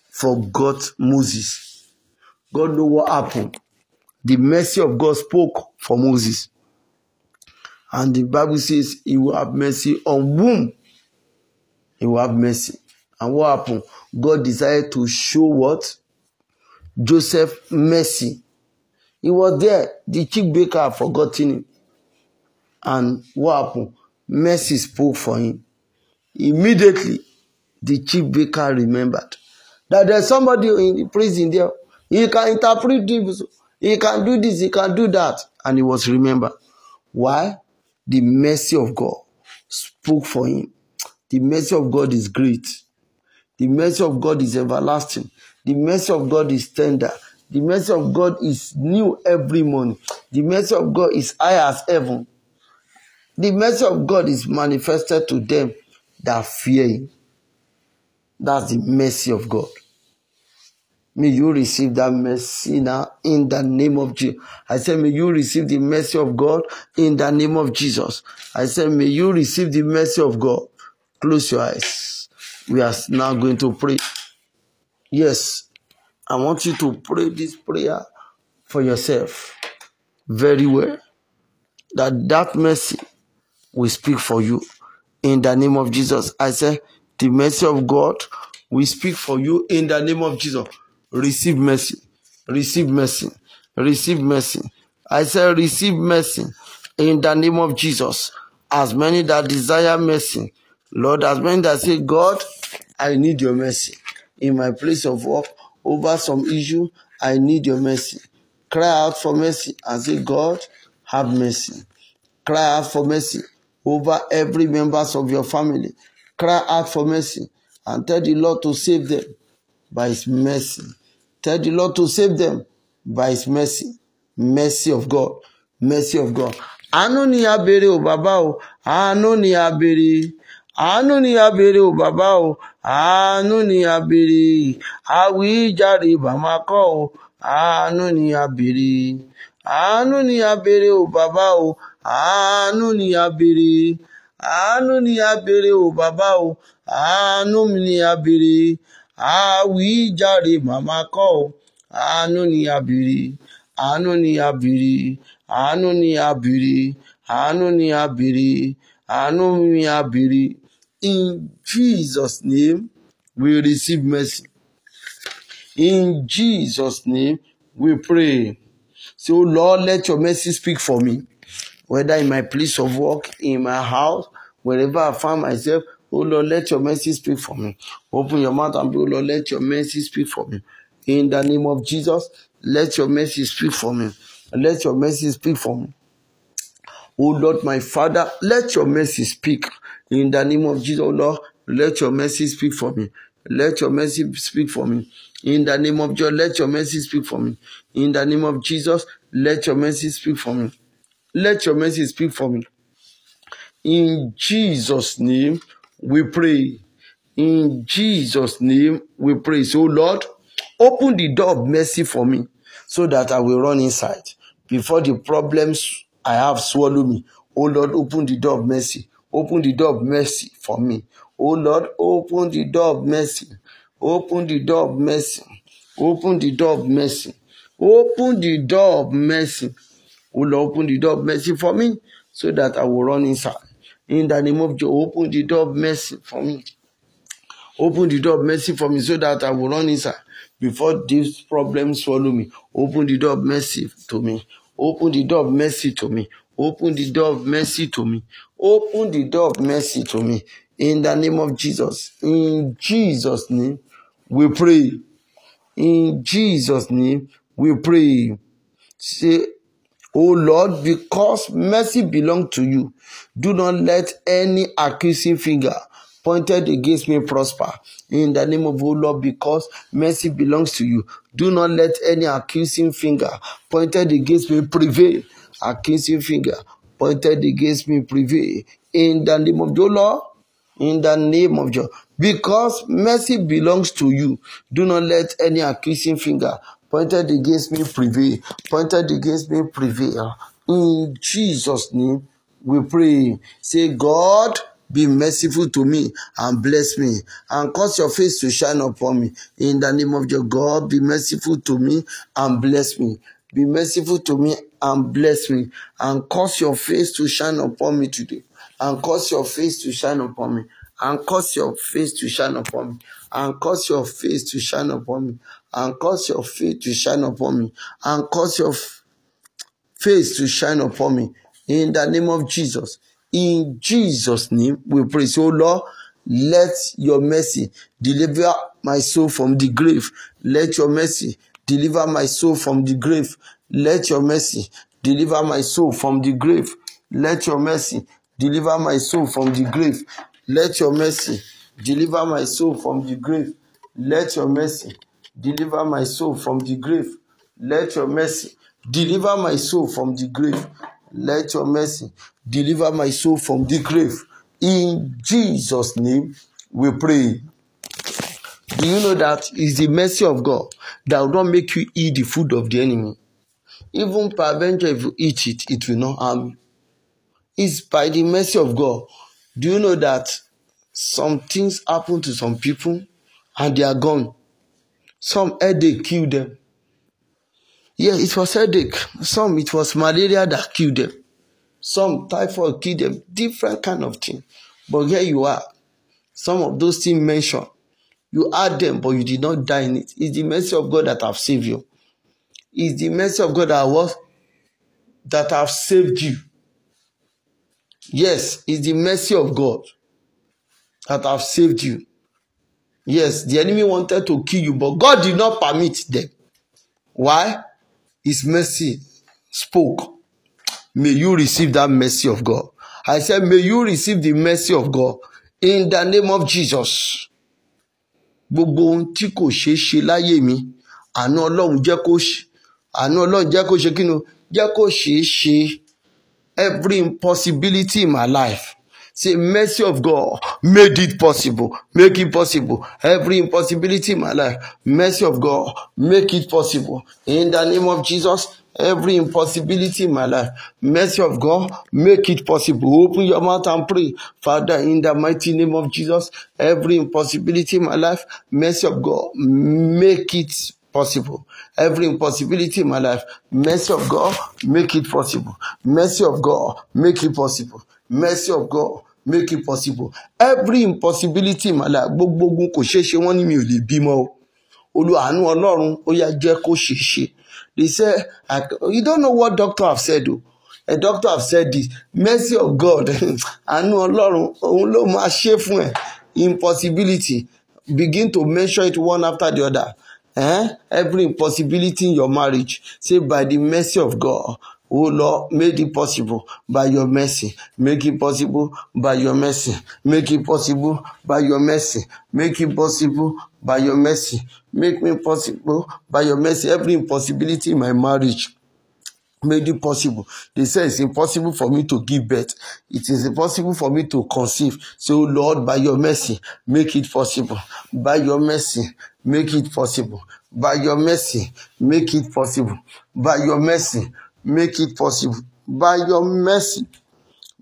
forgot Moses. God know what happened. The mercy of God spoke for Moses. And the Bible says he will have mercy on whom he will have mercy. And what happened? God decided to show what? Joseph mercy. He was there. The chief baker had forgotten him. And what happened? Mercy spoke for him. Immediately, the chief baker remembered that there's somebody in the prison there. He can interpret dreams. He can do this. He can do that. And he was remembered. Why? The mercy of God spoke for him. The mercy of God is great. The mercy of God is everlasting. The mercy of God is tender. The mercy of God is new every morning. The mercy of God is high as heaven. The mercy of God is manifested to them that fear Him. That's the mercy of God. May you receive that mercy now in the name of Jesus. I said, may you receive the mercy of God in the name of Jesus. I said, may you receive the mercy of God. Close your eyes. We are now going to pray. Yes, I want you to pray this prayer for yourself very well. That that mercy we speak for you. In the name of Jesus, I say, the mercy of God We speak for you. In the name of Jesus, receive mercy, receive mercy, receive mercy. I say, receive mercy. In the name of Jesus, as many that desire mercy, Lord, as many that say, God, I need your mercy. In my place of work, over some issue, I need your mercy. Cry out for mercy and say, God, have mercy. Cry out for mercy over every members of your family. Cry out for mercy and tell the Lord to save them by his mercy. Tell the Lord to save them by his mercy. Mercy of God. Mercy of God. Àánú ni a béèrè o bàbá o, àánú ni a béèrè. Àánú ni a béèrè o bàbá o, àánú ni a béèrè. Àwíjàre bàmá kọ́ o, àánú ni a béèrè. Àánú ni a béèrè o bàbá o, àánú ni a béèrè àánú ni a béèrè o bàbá o àánú ni a béèrè àwí jàre màmá kọ́ o àánú ni a béèrè àánú ni a béèrè àánú ni a béèrè àánú ni a béèrè àánú ni a béèrè in Jesus name we receive mercy in Jesus name we pray say o Lord let your mercy speak for me. whether in my place of work, in my house, wherever I find myself, oh Lord, let your mercy speak for me. Open your mouth and pray, oh Lord, let your mercy speak for me. In the name of Jesus, let your mercy speak for me. Let your mercy speak for me. Oh Lord, my Father, let your mercy speak. In the name of Jesus, oh Lord, let your mercy speak for me. Let your mercy speak for me. In the name of Jesus, let your mercy speak for me. In the name of Jesus, let your mercy speak for me. Let your mercy speak for me. In Jesus' name we pray. In Jesus' name we pray. So, Lord, open the door of mercy for me so that I will run inside before the problems I have swallow me. Oh, Lord, open the door of mercy. Open the door of mercy for me. Oh, Lord, open the door of mercy. Open the door of mercy. Open the door of mercy. Open the door of mercy. Will open the door of mercy for me so that I will run inside. In the name of Jehovah, open the door of mercy for me. Open the door of mercy for me so that I will run inside. Before these problems swallow me, open the door of mercy to me. Open the door of mercy to me. Open the door of mercy to me. Open the door of mercy to me. In the name of Jesus. In Jesus' name, we pray. In Jesus' name, we pray. Say, O Lord, because mercy belongs to you, do not let any accusing finger pointed against me prosper. In the name of O Lord, because mercy belongs to you, do not let any accusing finger pointed against me prevail. Accusing finger pointed against me prevail. In the name of O Lord, in the name of John. Because mercy belongs to you. Do not let any accusing finger pointed against me prevail, pointed against me prevail. In Jesus' name, we pray. Say, God, be merciful to me and bless me and cause your face to shine upon me. In the name of your God, be merciful to me and bless me. Be merciful to me and bless me and cause your face to shine upon me today. And cause your face to shine upon me. And cause your face to shine upon me. And cause your face to shine upon me. and cause your faith to shine upon me and cause your face to shine upon me in the name of Jesus. In Jesus' name, we pray. So, Lord, let your mercy deliver my soul from the grave. Let your mercy deliver my soul from the grave. Let your mercy deliver my soul from the grave. Let your mercy deliver my soul from the grave. Let your mercy deliver my soul from the grave. Let your mercy Deliver my soul from the grave. Let your mercy deliver my soul from the grave. Let your mercy deliver my soul from the grave. In Jesus' name, we pray. Do you know that is the mercy of God that will not make you eat the food of the enemy? Even peradventure, if you eat it, it will not harm you. It's by the mercy of God. Do you know that some things happen to some people and they are gone? Some headache killed them. Yeah, it was headache. Some it was malaria that killed them. Some typhoid killed them. Different kind of thing. But here you are. Some of those things mentioned. You had them, but you did not die in it. It's the mercy of God that have saved you. It's the mercy of God that was that have saved you. Yes, it's the mercy of God that have saved you. Yes, the enemy wanted to kill you, but God did not permit them. Why? His mercy spoke. May you receive that mercy of God. I said, May you receive the mercy of God in the name of Jesus. Gbogbo ohun tí kò ṣeé ṣe láyé mi, àánú Ọlọ́run jẹ́ kó ṣe, àánú Ọlọ́run jẹ́ kó ṣe kí ni, jẹ́ kó ṣeé ṣe every impossibility in my life. Say, mercy of God, made it possible. Make it possible. Every impossibility in my life, mercy of God, make it possible. In the name of Jesus, every impossibility in my life. Mercy of God, make it possible. Open your mouth and pray. Father, in the mighty name of Jesus, every impossibility in my life, mercy of God, make it possible. Every impossibility in my life, mercy of God, make it possible. Mercy of God, make it possible. mercy of God make it possible every impossibility màlá gbogbo ogun kò ṣeé ṣe wọ́n ní mi ò lè bímọ o olùhànú ọlọ́run ó yá jẹ́ kó ṣeé ṣe they say you don't know what doctor have said o a doctor have said this mercy of God àánú ọlọ́run òun ló máa ṣe fún ẹ impossibility begin to measure it one after the other eh? every impossibility in your marriage say by the mercy of God Oh Lord, make it possible by your mercy. Make it possible by your mercy. Make it possible by your mercy. Make it possible by your mercy. Make me possible by your mercy. Every impossibility in my marriage made it possible. They say it's impossible for me to give birth. It is impossible for me to conceive. So, Lord, by your mercy, make it possible. By your mercy, make it possible. By your mercy, make it possible. By your mercy, make it possible. By your mercy,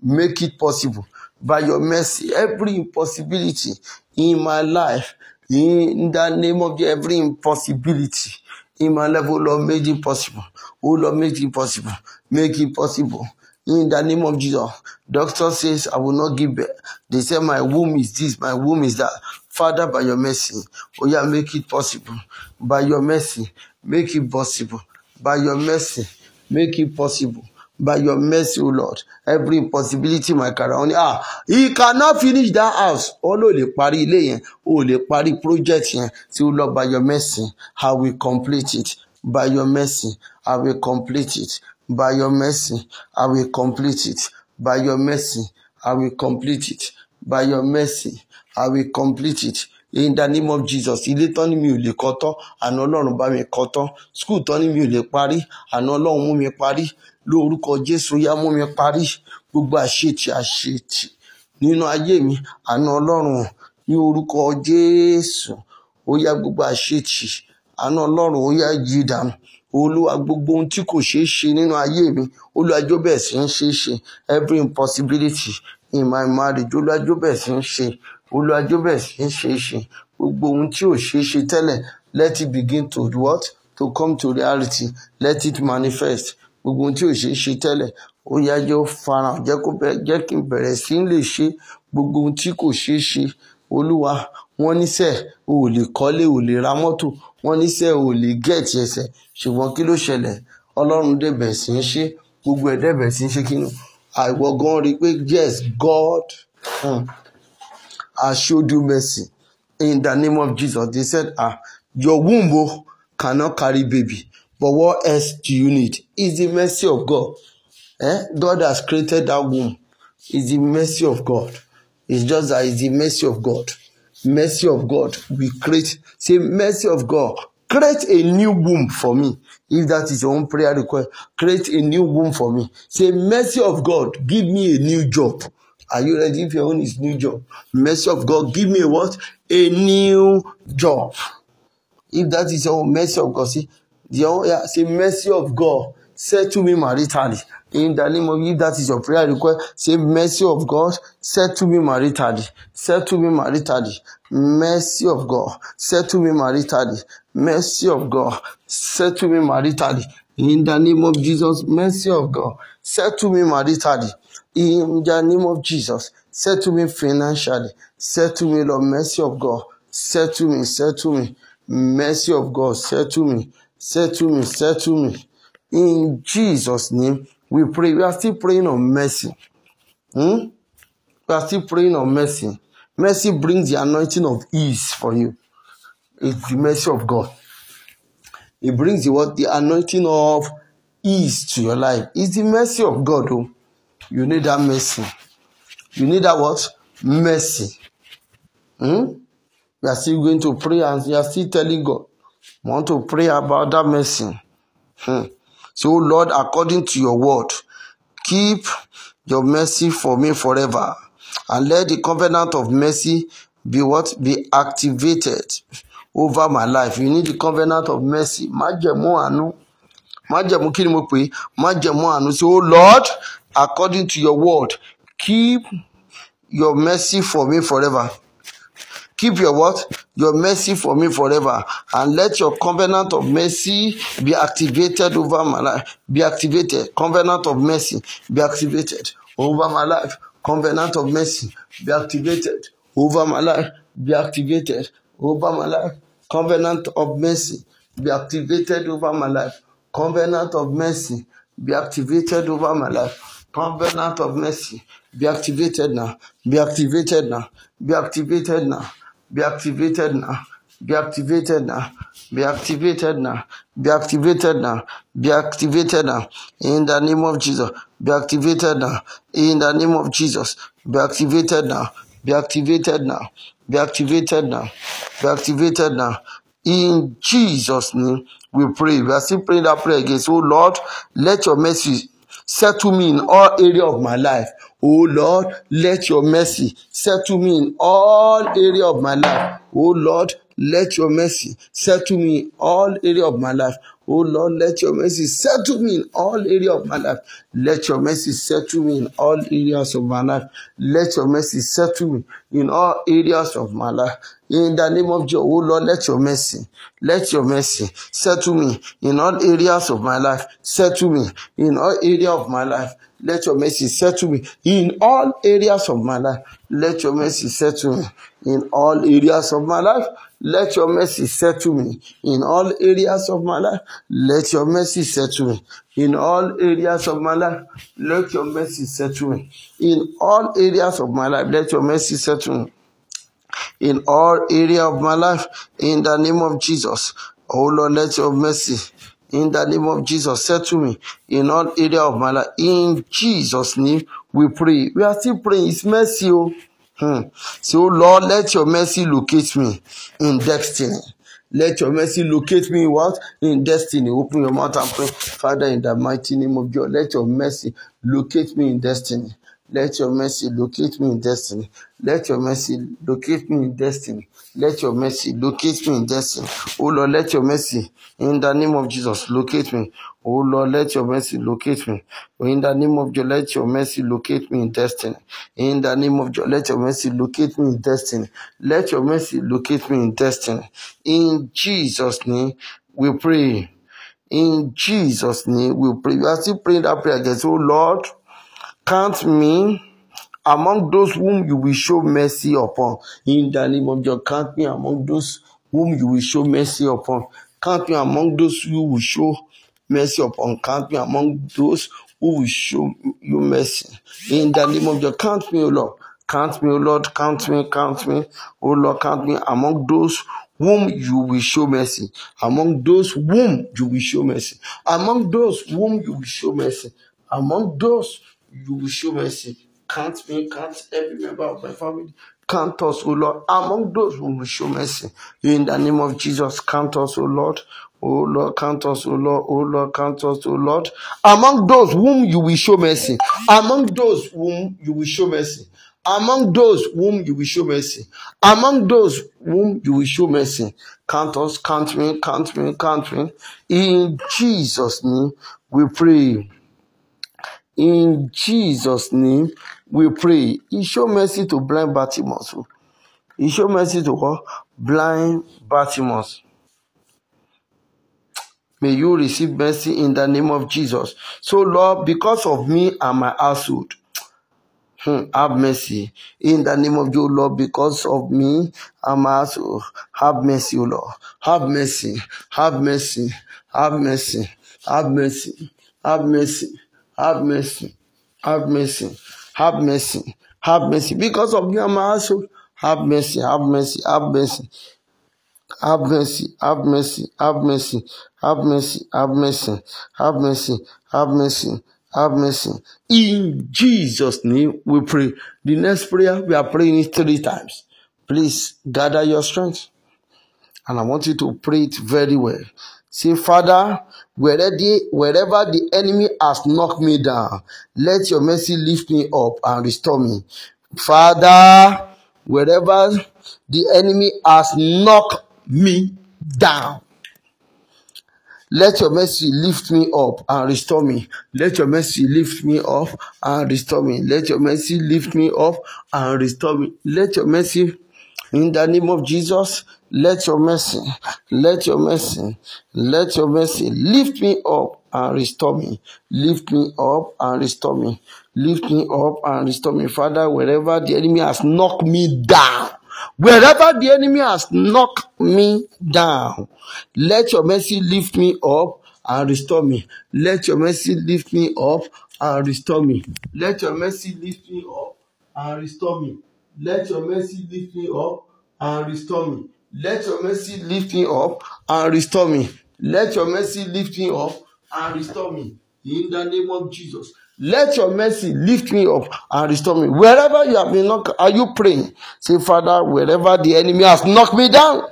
make it possible. By your mercy, every impossibility in my life, in the name of every impossibility in my life, oh Lord, make it possible. Oh Lord, make it possible. Make it possible. In the name of Jesus, doctor says I will not give birth. They say my womb is this, my womb is that. Father, by your mercy, oh yeah, make it possible. By your mercy, make it possible. By your mercy. Make it possible by your mercy, O Lord. Every possibility, my career. ah, he cannot finish that house. Ó ló lè parí ilé yẹn, ó lè project yẹn. Tí o Lord by your mercy, I will complete it. By your mercy, I will complete it. By your mercy, I will complete it. By your mercy, I will complete it. By your mercy, I will complete it in the name of jesus ilé tán ni mi ò lè kọ́ tán àná ọlọ́run bá mi kọ́ tán skul tán ni mi ò lè parí àná ọlọ́run mú mi parí lórúkọ jésù yá mú mi parí gbogbo àṣetì àṣetì nínú ayé mi àná ọlọ́run ní orúkọ jésù ó yá gbogbo àṣetì àná ọlọ́run ó yá yí dànù olúwa gbogbo ohun tí kò ṣeé ṣe nínú ayé mi olúwa jó bẹ́ẹ̀ ń ṣe ṣe every impossibility in my marriage olúwa jó bẹ́ẹ̀ sì ń ṣe olùwàjò bẹ̀rẹ̀ sí í ṣe é ṣe gbogbo ohun tí ò ṣeé ṣe tẹ́lẹ̀ let it begin to what to come to reality let it manifest gbogbo ohun tí ò ṣeé ṣe tẹ́lẹ̀ ó yá jẹ́ ó farahàn jẹ́ kó jẹ́ kí n bẹ̀rẹ̀ sí í lè ṣe gbogbo ohun tí kò ṣeé ṣe olúwa wọ́n níṣẹ́ ò lè kọ́lé ò lè ra mọ́tò wọ́n níṣẹ́ ò lè gẹ̀ẹ́tì ẹsẹ̀ ṣùgbọ́n kí ló ṣẹlẹ̀ ọlọ́run dẹ̀bẹ̀ sí í ṣe gbogbo ẹ̀ dẹ̀bẹ̀ sí í ṣe kí ni àìwọ̀ gan rí i pé yes God. Hmm. I showed you mercy in the name of Jesus. They said, Ah, your womb oh, cannot carry baby. But what else do you need? Is the mercy of God. Eh? God has created that womb. It's the mercy of God. It's just that it's the mercy of God. Mercy of God. We create, say, mercy of God. Create a new womb for me. If that is your own prayer request, create a new womb for me. Say, mercy of God, give me a new job. Are you ready for your own is new job? Mercy of God, give me a what? A new job. If that is your mercy of God, see, the own, yeah, say mercy of God. Settle me maritally. In the name of if that is your prayer request, say mercy of God. Settle me maritally. Settle me maritally. Mercy of God. Settle me maritally. Mercy of God. Settle me maritally. In the name of Jesus, mercy of God. Settle me maritally in the name of Jesus. Settle me financially. Settle me, Lord. Mercy of God. Settle me. Settle me. Mercy of God. Settle me. Settle me. Settle me. In Jesus' name, we pray. We are still praying on mercy. Hmm? We are still praying on mercy. Mercy brings the anointing of ease for you. It's the mercy of God. It brings the what? The anointing of ease to your life. It's the mercy of God. Oh. You need that mercy. You need that what? Mercy. Hmm? You are still going to pray and you are still telling God, want to pray about that mercy. Hmm. So, Lord, according to your word, keep your mercy for me forever. And let the covenant of mercy be what? Be activated over my life. You need the covenant of mercy. Májẹ̀mú àánú. Májẹ̀mú kí ni mo pè é? Májẹ̀mú àánú. So, Lord, according to your word. Keep your mercy for me forever. Keep your what? Your mercy for me forever. And let your covenant of mercy be activated over my life. Be activated. Covenant of mercy be activated over my life. Covenant of mercy be activated over my life. Be activated over my life. Covenant of mercy be activated over my life. Covenant of mercy be activated over my life Covenant of mercy, be activated now. Be activated now. Be activated now. Be activated now. Be activated now. Be activated now. Be activated now. Be activated now. In the name of Jesus. Be activated now. In the name of Jesus. Be activated now. Be activated now. Be activated now. Be activated now. In Jesus' name, we pray. We are still praying that prayer again. So, Lord, let your mercy Settle me in all area of my life. Oh Lord, let your mercy settle me in all area of my life. Oh Lord, let your mercy settle me in all area of my life. Oh Lord, let your mercy settle me in all areas of my life. Let your mercy settle me in all areas of my life. Let your mercy settle me in all areas of my life. In the name of Jesus, oh Lord, let your mercy, let your mercy settle me in all areas of my life. Settle me in all areas of my life. Let your mercy settle me in all areas of my life. Let your mercy settle me in all areas of my life. Let your mercy settle me in all areas of my life. Let your mercy settle me in all areas of my life. Let your mercy settle me in all areas of my life. Let your mercy settle me in all area of my life. In the name of Jesus, oh Lord, let your mercy in the name of Jesus. Settle me in all area of my life. In Jesus' name, we pray. We are still praying. It's mercy, oh. Hmm. So, Lord, let your mercy locate me in destiny. Let your mercy locate me what? In destiny. Open your mouth and pray. Father, in the mighty name of God, let your mercy locate me in destiny. Let your mercy locate me in destiny. Let your mercy locate me in destiny. Let your mercy locate me in destiny. Oh Lord, let your mercy in the name of Jesus locate me. Oh Lord, let your mercy locate me. In the name of Jesus, let your mercy locate me in destiny. In the name of Jesus, let your mercy locate me in destiny. Let your mercy locate me in destiny. In Jesus' name, we pray. In Jesus' name, we pray. We are still praying that prayer against, oh Lord, count me among those whom you will show mercy upon. In the name of your count me among those whom you will show mercy upon. Count me among those who will show mercy upon. Count me among those who will show you mercy. In the name of your count me, O Lord. Count me, O Lord, count me, count me, O Lord, count me among those whom you will show mercy, among those whom you will show mercy, among those whom you will show mercy, among those you will show mercy. Count me, count every member of my family. Count us, O Lord, among those who will show mercy. You in the name of Jesus, count us, O Lord. O Lord, count us, O Lord, O Lord, count us, O Lord. Among those whom you will show mercy. Among those whom you will show mercy. Among those whom you will show mercy. Among those whom you will show mercy. Count us, count me, count me, count me. In Jesus' name we pray. In Jesus' name we pray, He show mercy to blind Bartimaeus. He show mercy to what? Blind Bartimaeus. May you receive mercy in the name of Jesus. So, Lord, because of me and my household, hmm, have mercy in the name of you, Lord, because of me. I'm also have mercy, Lord. Have mercy, have mercy, have mercy, have mercy, have mercy, have mercy, have mercy have mercy, have mercy. Because of your have mercy, have mercy, have mercy. Have mercy, have mercy, have mercy, have mercy, have mercy, have mercy, have mercy, have mercy. In Jesus' name we pray. The next prayer we are praying it three times. Please gather your strength. And I want you to pray it very well. Say, Father, Wherever the enemy has knocked me down, let your mercy lift me up and restore me. Father, wherever the enemy has knocked me down, let your mercy lift me up and restore me. Let your mercy lift me up and restore me. Let your mercy lift me up and restore me. Let your mercy In the name of Jesus, let your mercy, let your mercy, let your mercy lift me up and restore me. Lift me up and restore me. Lift me up and restore me. Father, wherever the enemy has knocked me down, wherever the enemy has knocked me down, let your mercy lift me up and restore me. Let your mercy lift me up and restore me. Let your mercy lift me up and restore me. Let your mercy lift me up and restore me. Let your mercy lift me up and restore me. Let your mercy lift me up and restore me. In the name of Jesus. Let your mercy lift me up and restore me. Wherever you have been knocked, are you praying? Say, Father, wherever the enemy has knocked me down,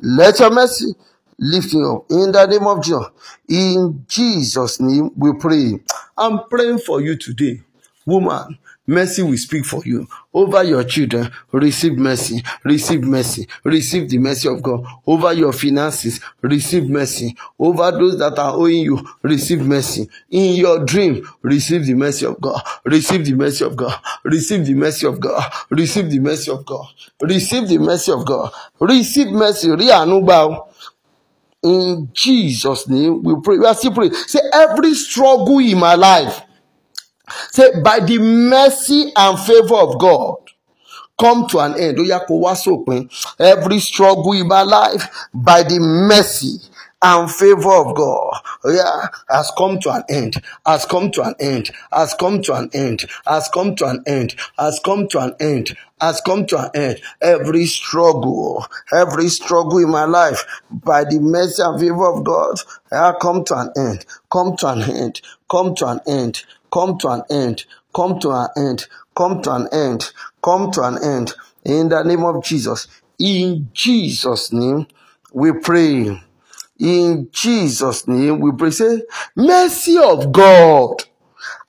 let your mercy lift me up. In the name of Jesus. In Jesus' name we pray. I'm praying for you today, woman. Mercy will speak for you. Over your children, receive mercy, receive mercy, receive the mercy of God. Over your finances, receive mercy. Over those that are owing you, receive mercy. In your dream, receive the mercy of God, receive the mercy of God, receive the mercy of God, receive the mercy of God, receive the mercy of God, receive mercy. In Jesus' name, we pray. We are still praying. Say, every struggle in my life Say, by the mercy and favor of God, come to an end. kó Every struggle in my life, by the mercy and favor of God yeah, has come to an end, has come to an end, has come to an end, has come to an end, has come to an end, has come to an end. Every struggle, every struggle in my life, by the mercy and favor of God, I come to an end, come to an end, come to an end come to an end, come to an end, come to an end, come to an end. In the name of Jesus. In Jesus' name, we pray. In Jesus' name, we pray. Say, mercy of God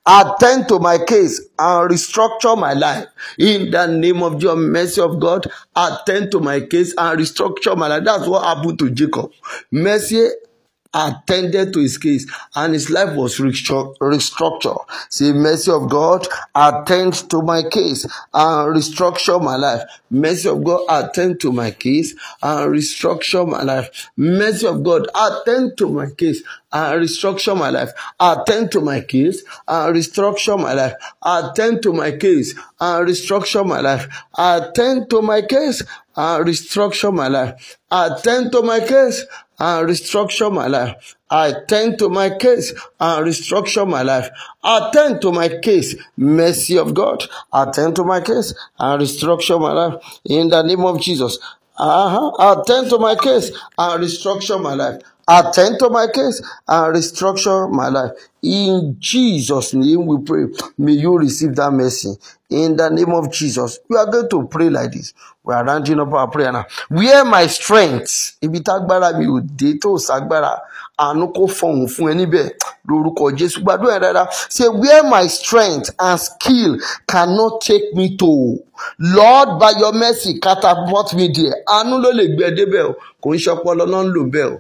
attend to my case and restructure my life. In the name of your mercy of God, attend to my case and restructure my life. That's what happened to Jacob. Mercy attended to his case and his life was restructured. Say, mercy of God, attend to my case and restructure my life. Mercy of God, attend to my case and restructure my life. Mercy of God, attend to my case and restructure my life. Attend to my case and restructure my life. Attend to my case and restructure my life. Attend to my case and restructure my life. Attend to my case and restructure my life. Attend to my case and restructure my life. Attend to my case, mercy of God. Attend to my case and restructure my life in the name of Jesus. Uh-huh. Attend to my case and restructure my life. attend to my case and restructure my life. In Jesus' name we pray. May you receive that mercy. In the name of Jesus. We are going to pray like this. We are rounding up our prayer now. Where my strength, ibi tágbára mi ò dé tó ságbára, àánú kò fun fún ẹ níbẹ̀ lórúkọ Jésù gbàdúrà dáadáa. Say where my strength and skill cannot take me to. Lord by your mercy catapult me there. Àánú ló lè gbé ẹ débẹ̀ o, kò ń ṣọpọlọ náà ń lò bẹ́ẹ̀ o.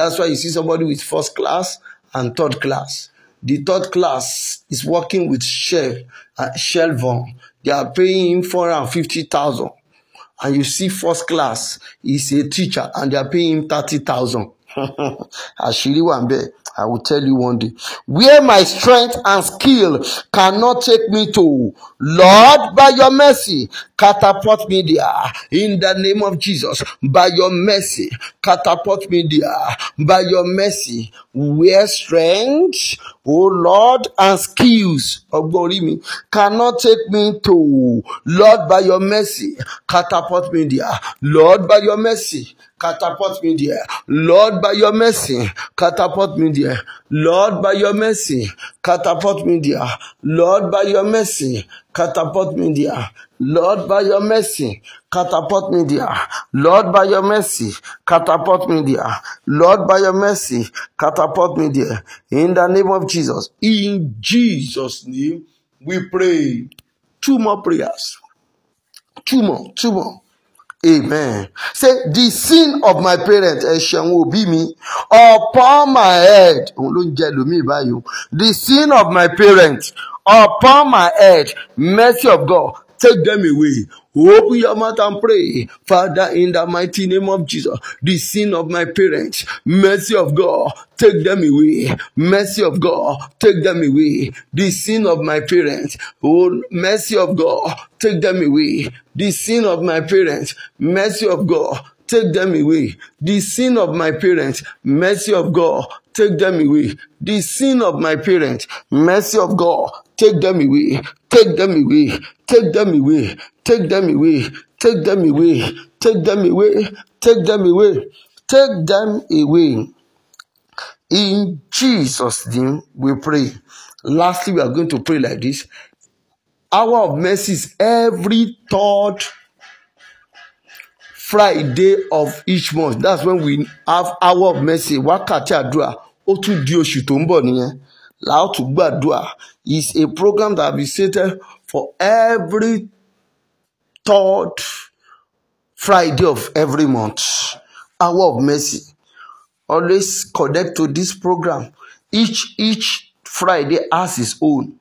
That's why you see somebody with first class and third class. The third class is working with Shell, uh, Shelvon. They are paying him 450,000. And you see first class is a teacher and they are paying him 30,000. àṣírí wà ń bẹ I will tell you one day. Where my strength and skill cannot take me to, Lord, by your mercy, catapult me there in the name of Jesus. By your mercy, catapult me there by your mercy. Where strength, oh Lord, and skills, oh glory me, cannot take me to, Lord, by your mercy, catapult me there. Lord, by your mercy, catapult me there. Lord, by your mercy, catapult me there. Lord, by your mercy, catapult me there. Lord, by your mercy, catapult me there. Lord, by your mercy, catapult me there. Lord, by your mercy, catapult me there. Lord, by your mercy, catapult me there. In the name of Jesus. In Jesus' name, we pray. Two more prayers. Two more, two more amen say the sin of my parents ẹ̀ṣẹ̀ àwọn òbí mi upon my head òun ló ń jẹ lómìn báyìí o the sin of my parents upon my head mercy of God take them away Open your mouth and pray. Father, in the mighty name of Jesus, the sin of my parents, mercy of God, take them away. Mercy of God, take them away. The sin of my parents, oh, mercy of God, take them away. The sin of my parents, mercy of God, take them away. The sin of my parents, mercy of God, take them away. The sin of my parents, mercy of God, take them away. Take them away. Take them away. Take them away. Take them away. Take them away. Take them away. Take them away. In Jesus' name we pray. Lastly, we are going to pray like this. Hour of mercy is every third Friday of each month. That's when we have hour of mercy. Wakati adua ó tún di oṣù tó Laotugbadua is a program that is stated for every third Friday of every month. Hour of Mercy. Always connect to this program. Each each Friday has its own.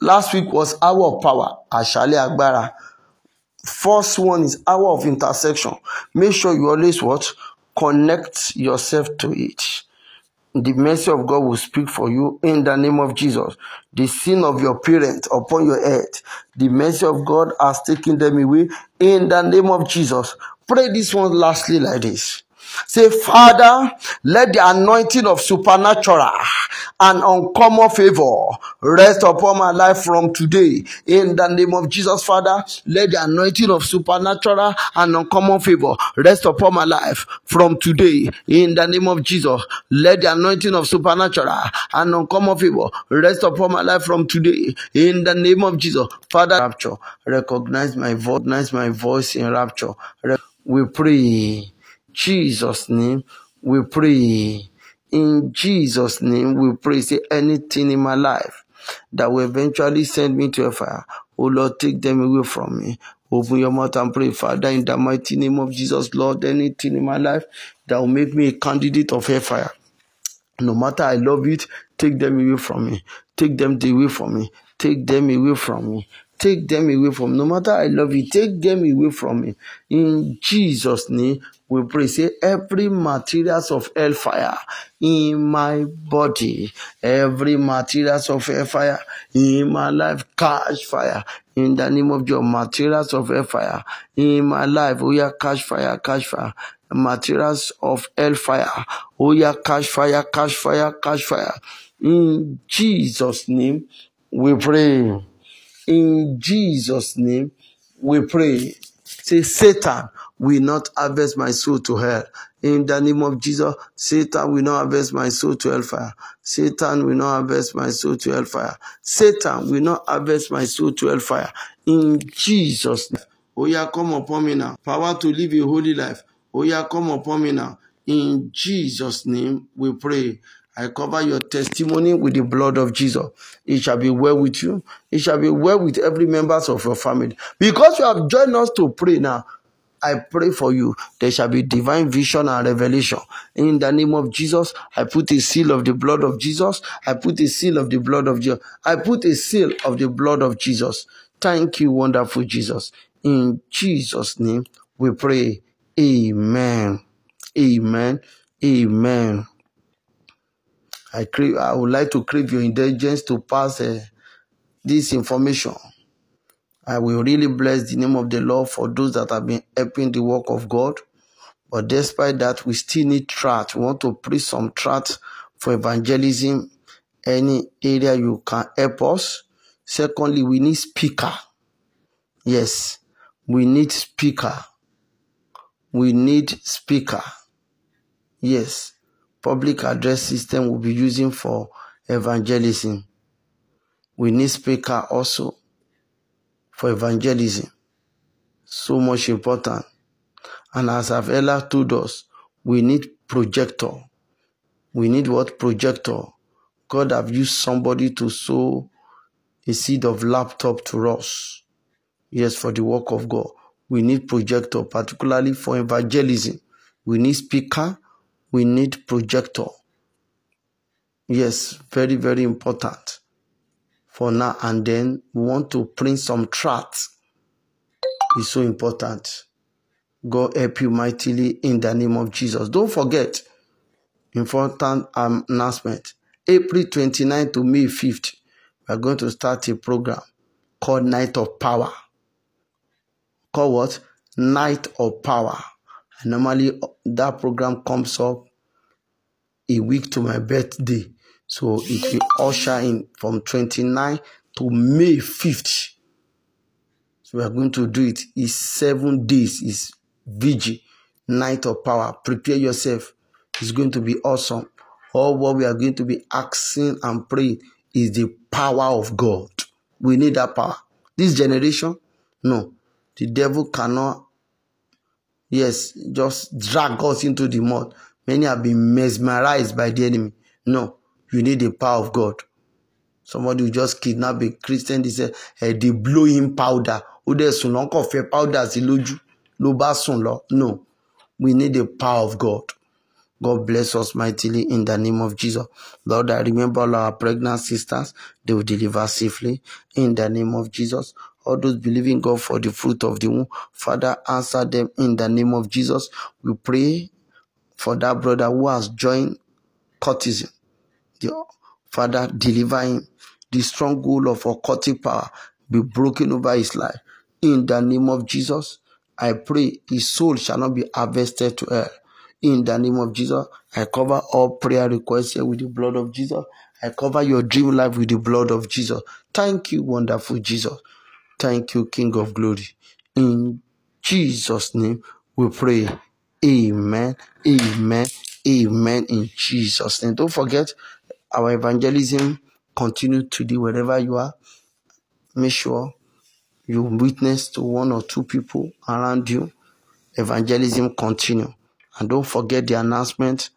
Last week was Hour of Power, Ashale Agbara. First one is Hour of Intersection. Make sure you always what connect yourself to it. the mercy of God will speak for you in the name of Jesus. The sin of your parents upon your head, the mercy of God has taken them away in the name of Jesus. Pray this one lastly like this. Say, Father, let the anointing of supernatural and uncommon favor rest upon my life from today. In the name of Jesus, Father, let the anointing of supernatural and uncommon favor rest upon my life from today. In the name of Jesus, let the anointing of supernatural and uncommon favor rest upon my life from today. In the name of Jesus, Father, rapture, recognize my voice, recognize my voice in rapture. Re- we pray. Jesus' name we pray. In Jesus' name we pray. Say anything in my life that will eventually send me to a fire. Oh Lord, take them away from me. Open your mouth and pray, Father, in the mighty name of Jesus, Lord, anything in my life that will make me a candidate of hellfire. No matter I love it, take them away from me. Take them away from me. Take them away from me. Take them away from me. No matter I love it, take them away from me. In Jesus' name, we pray, say, every materials of hellfire in my body, every materials of hellfire in my life, catch fire in the name of your materials of hellfire in my life. We oh, are catch fire, catch fire materials of hellfire. we oh, are cash fire, cash fire, cash fire. In Jesus' name, we pray. In Jesus' name, we pray. Say, Satan, will not harvest my soul to hell. In the name of Jesus, Satan will not harvest my soul to hellfire. Satan will not harvest my soul to hellfire. Satan will not harvest my soul to hellfire. In Jesus' name. Oh yeah, come upon me now. Power to live a holy life. Oh yeah, come upon me now. In Jesus' name we pray. I cover your testimony with the blood of Jesus. It shall be well with you. It shall be well with every members of your family. Because you have joined us to pray now, I pray for you. There shall be divine vision and revelation. In the name of Jesus, I put a seal of the blood of Jesus. I put a seal of the blood of Jesus. I put a seal of the blood of Jesus. Thank you, wonderful Jesus. In Jesus' name, we pray. Amen. Amen. Amen. I crave, I would like to crave your intelligence to pass uh, this information I will really bless the name of the Lord for those that have been helping the work of God. But despite that, we still need tracts. We want to preach some tracts for evangelism. Any area you can help us. Secondly, we need speaker. Yes, we need speaker. We need speaker. Yes, public address system will be using for evangelism. We need speaker also for evangelism. So much important. And as I've earlier told us, we need projector. We need what projector? God have used somebody to sow a seed of laptop to us. Yes, for the work of God. We need projector, particularly for evangelism. We need speaker. We need projector. Yes, very, very important for now and then we want to print some tracts. It's so important. God help you mightily in the name of Jesus. Don't forget, important announcement. April 29 to May 5th, we are going to start a program called Night of Power. Called what? Night of Power. And normally uh, that program comes up a week to my birthday. So it will usher in from 29 to May 5th. So we are going to do it. It's seven days. It's vigil, night of power. Prepare yourself. It's going to be awesome. All what we are going to be asking and praying is the power of God. We need that power. This generation, no. The devil cannot, yes, just drag us into the mud. Many have been mesmerized by the enemy. No you need the power of God. Somebody who just kidnap a Christian, they say, hey, eh, they blow him powder. Who dẹ̀ sùn lọ́n powder No, we need the power of God. God bless us mightily in the name of Jesus. Lord, I remember all our pregnant sisters, they will deliver safely in the name of Jesus. All those believing God for the fruit of the womb, Father, answer them in the name of Jesus. We pray for that brother who has joined courtesan Father, deliver him. The stronghold of occultic power be broken over his life. In the name of Jesus, I pray his soul shall not be harvested to hell. In the name of Jesus, I cover all prayer requests here with the blood of Jesus. I cover your dream life with the blood of Jesus. Thank you, wonderful Jesus. Thank you, King of glory. In Jesus' name, we pray. Amen. Amen. Amen. In Jesus' name. Don't forget, our evangelism continue today wherever you are. Make sure you witness to one or two people around you. Evangelism continue. And don't forget the announcement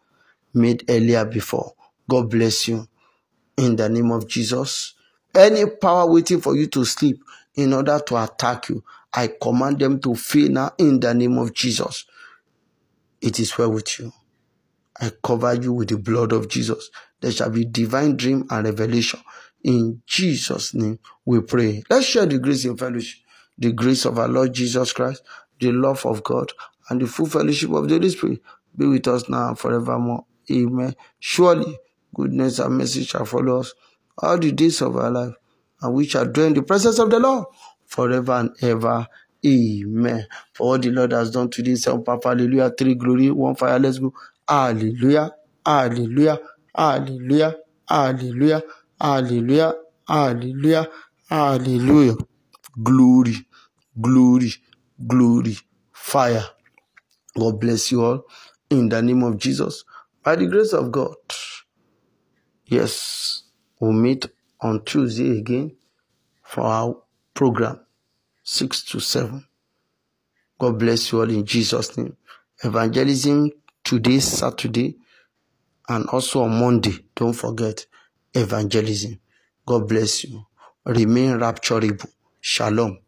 made earlier before. God bless you in the name of Jesus. Any power waiting for you to sleep in order to attack you, I command them to fail now in the name of Jesus. It is well with you. I cover you with the blood of Jesus. There shall be divine dream and revelation. In Jesus' name we pray. Let's share the grace in fellowship. The grace of our Lord Jesus Christ, the love of God, and the full fellowship of the Holy Spirit be with us now and forevermore. Amen. Surely goodness and mercy shall follow us all the days of our life, and we shall dwell in the presence of the Lord forever and ever. Amen. For what the Lord has done today, seven Papa, hallelujah, three glory, one fire, let's go. Hallelujah. Hallelujah. Hallelujah. Hallelujah. Hallelujah. Hallelujah. Alleluia. Glory. Glory. Glory. Fire. God bless you all in the name of Jesus. By the grace of God. Yes. We'll meet on Tuesday again for our program 6 to 7. God bless you all in Jesus' name. Evangelism today, Saturday, and also on Monday. Don't forget evangelism. God bless you. Remain rapturable. Shalom.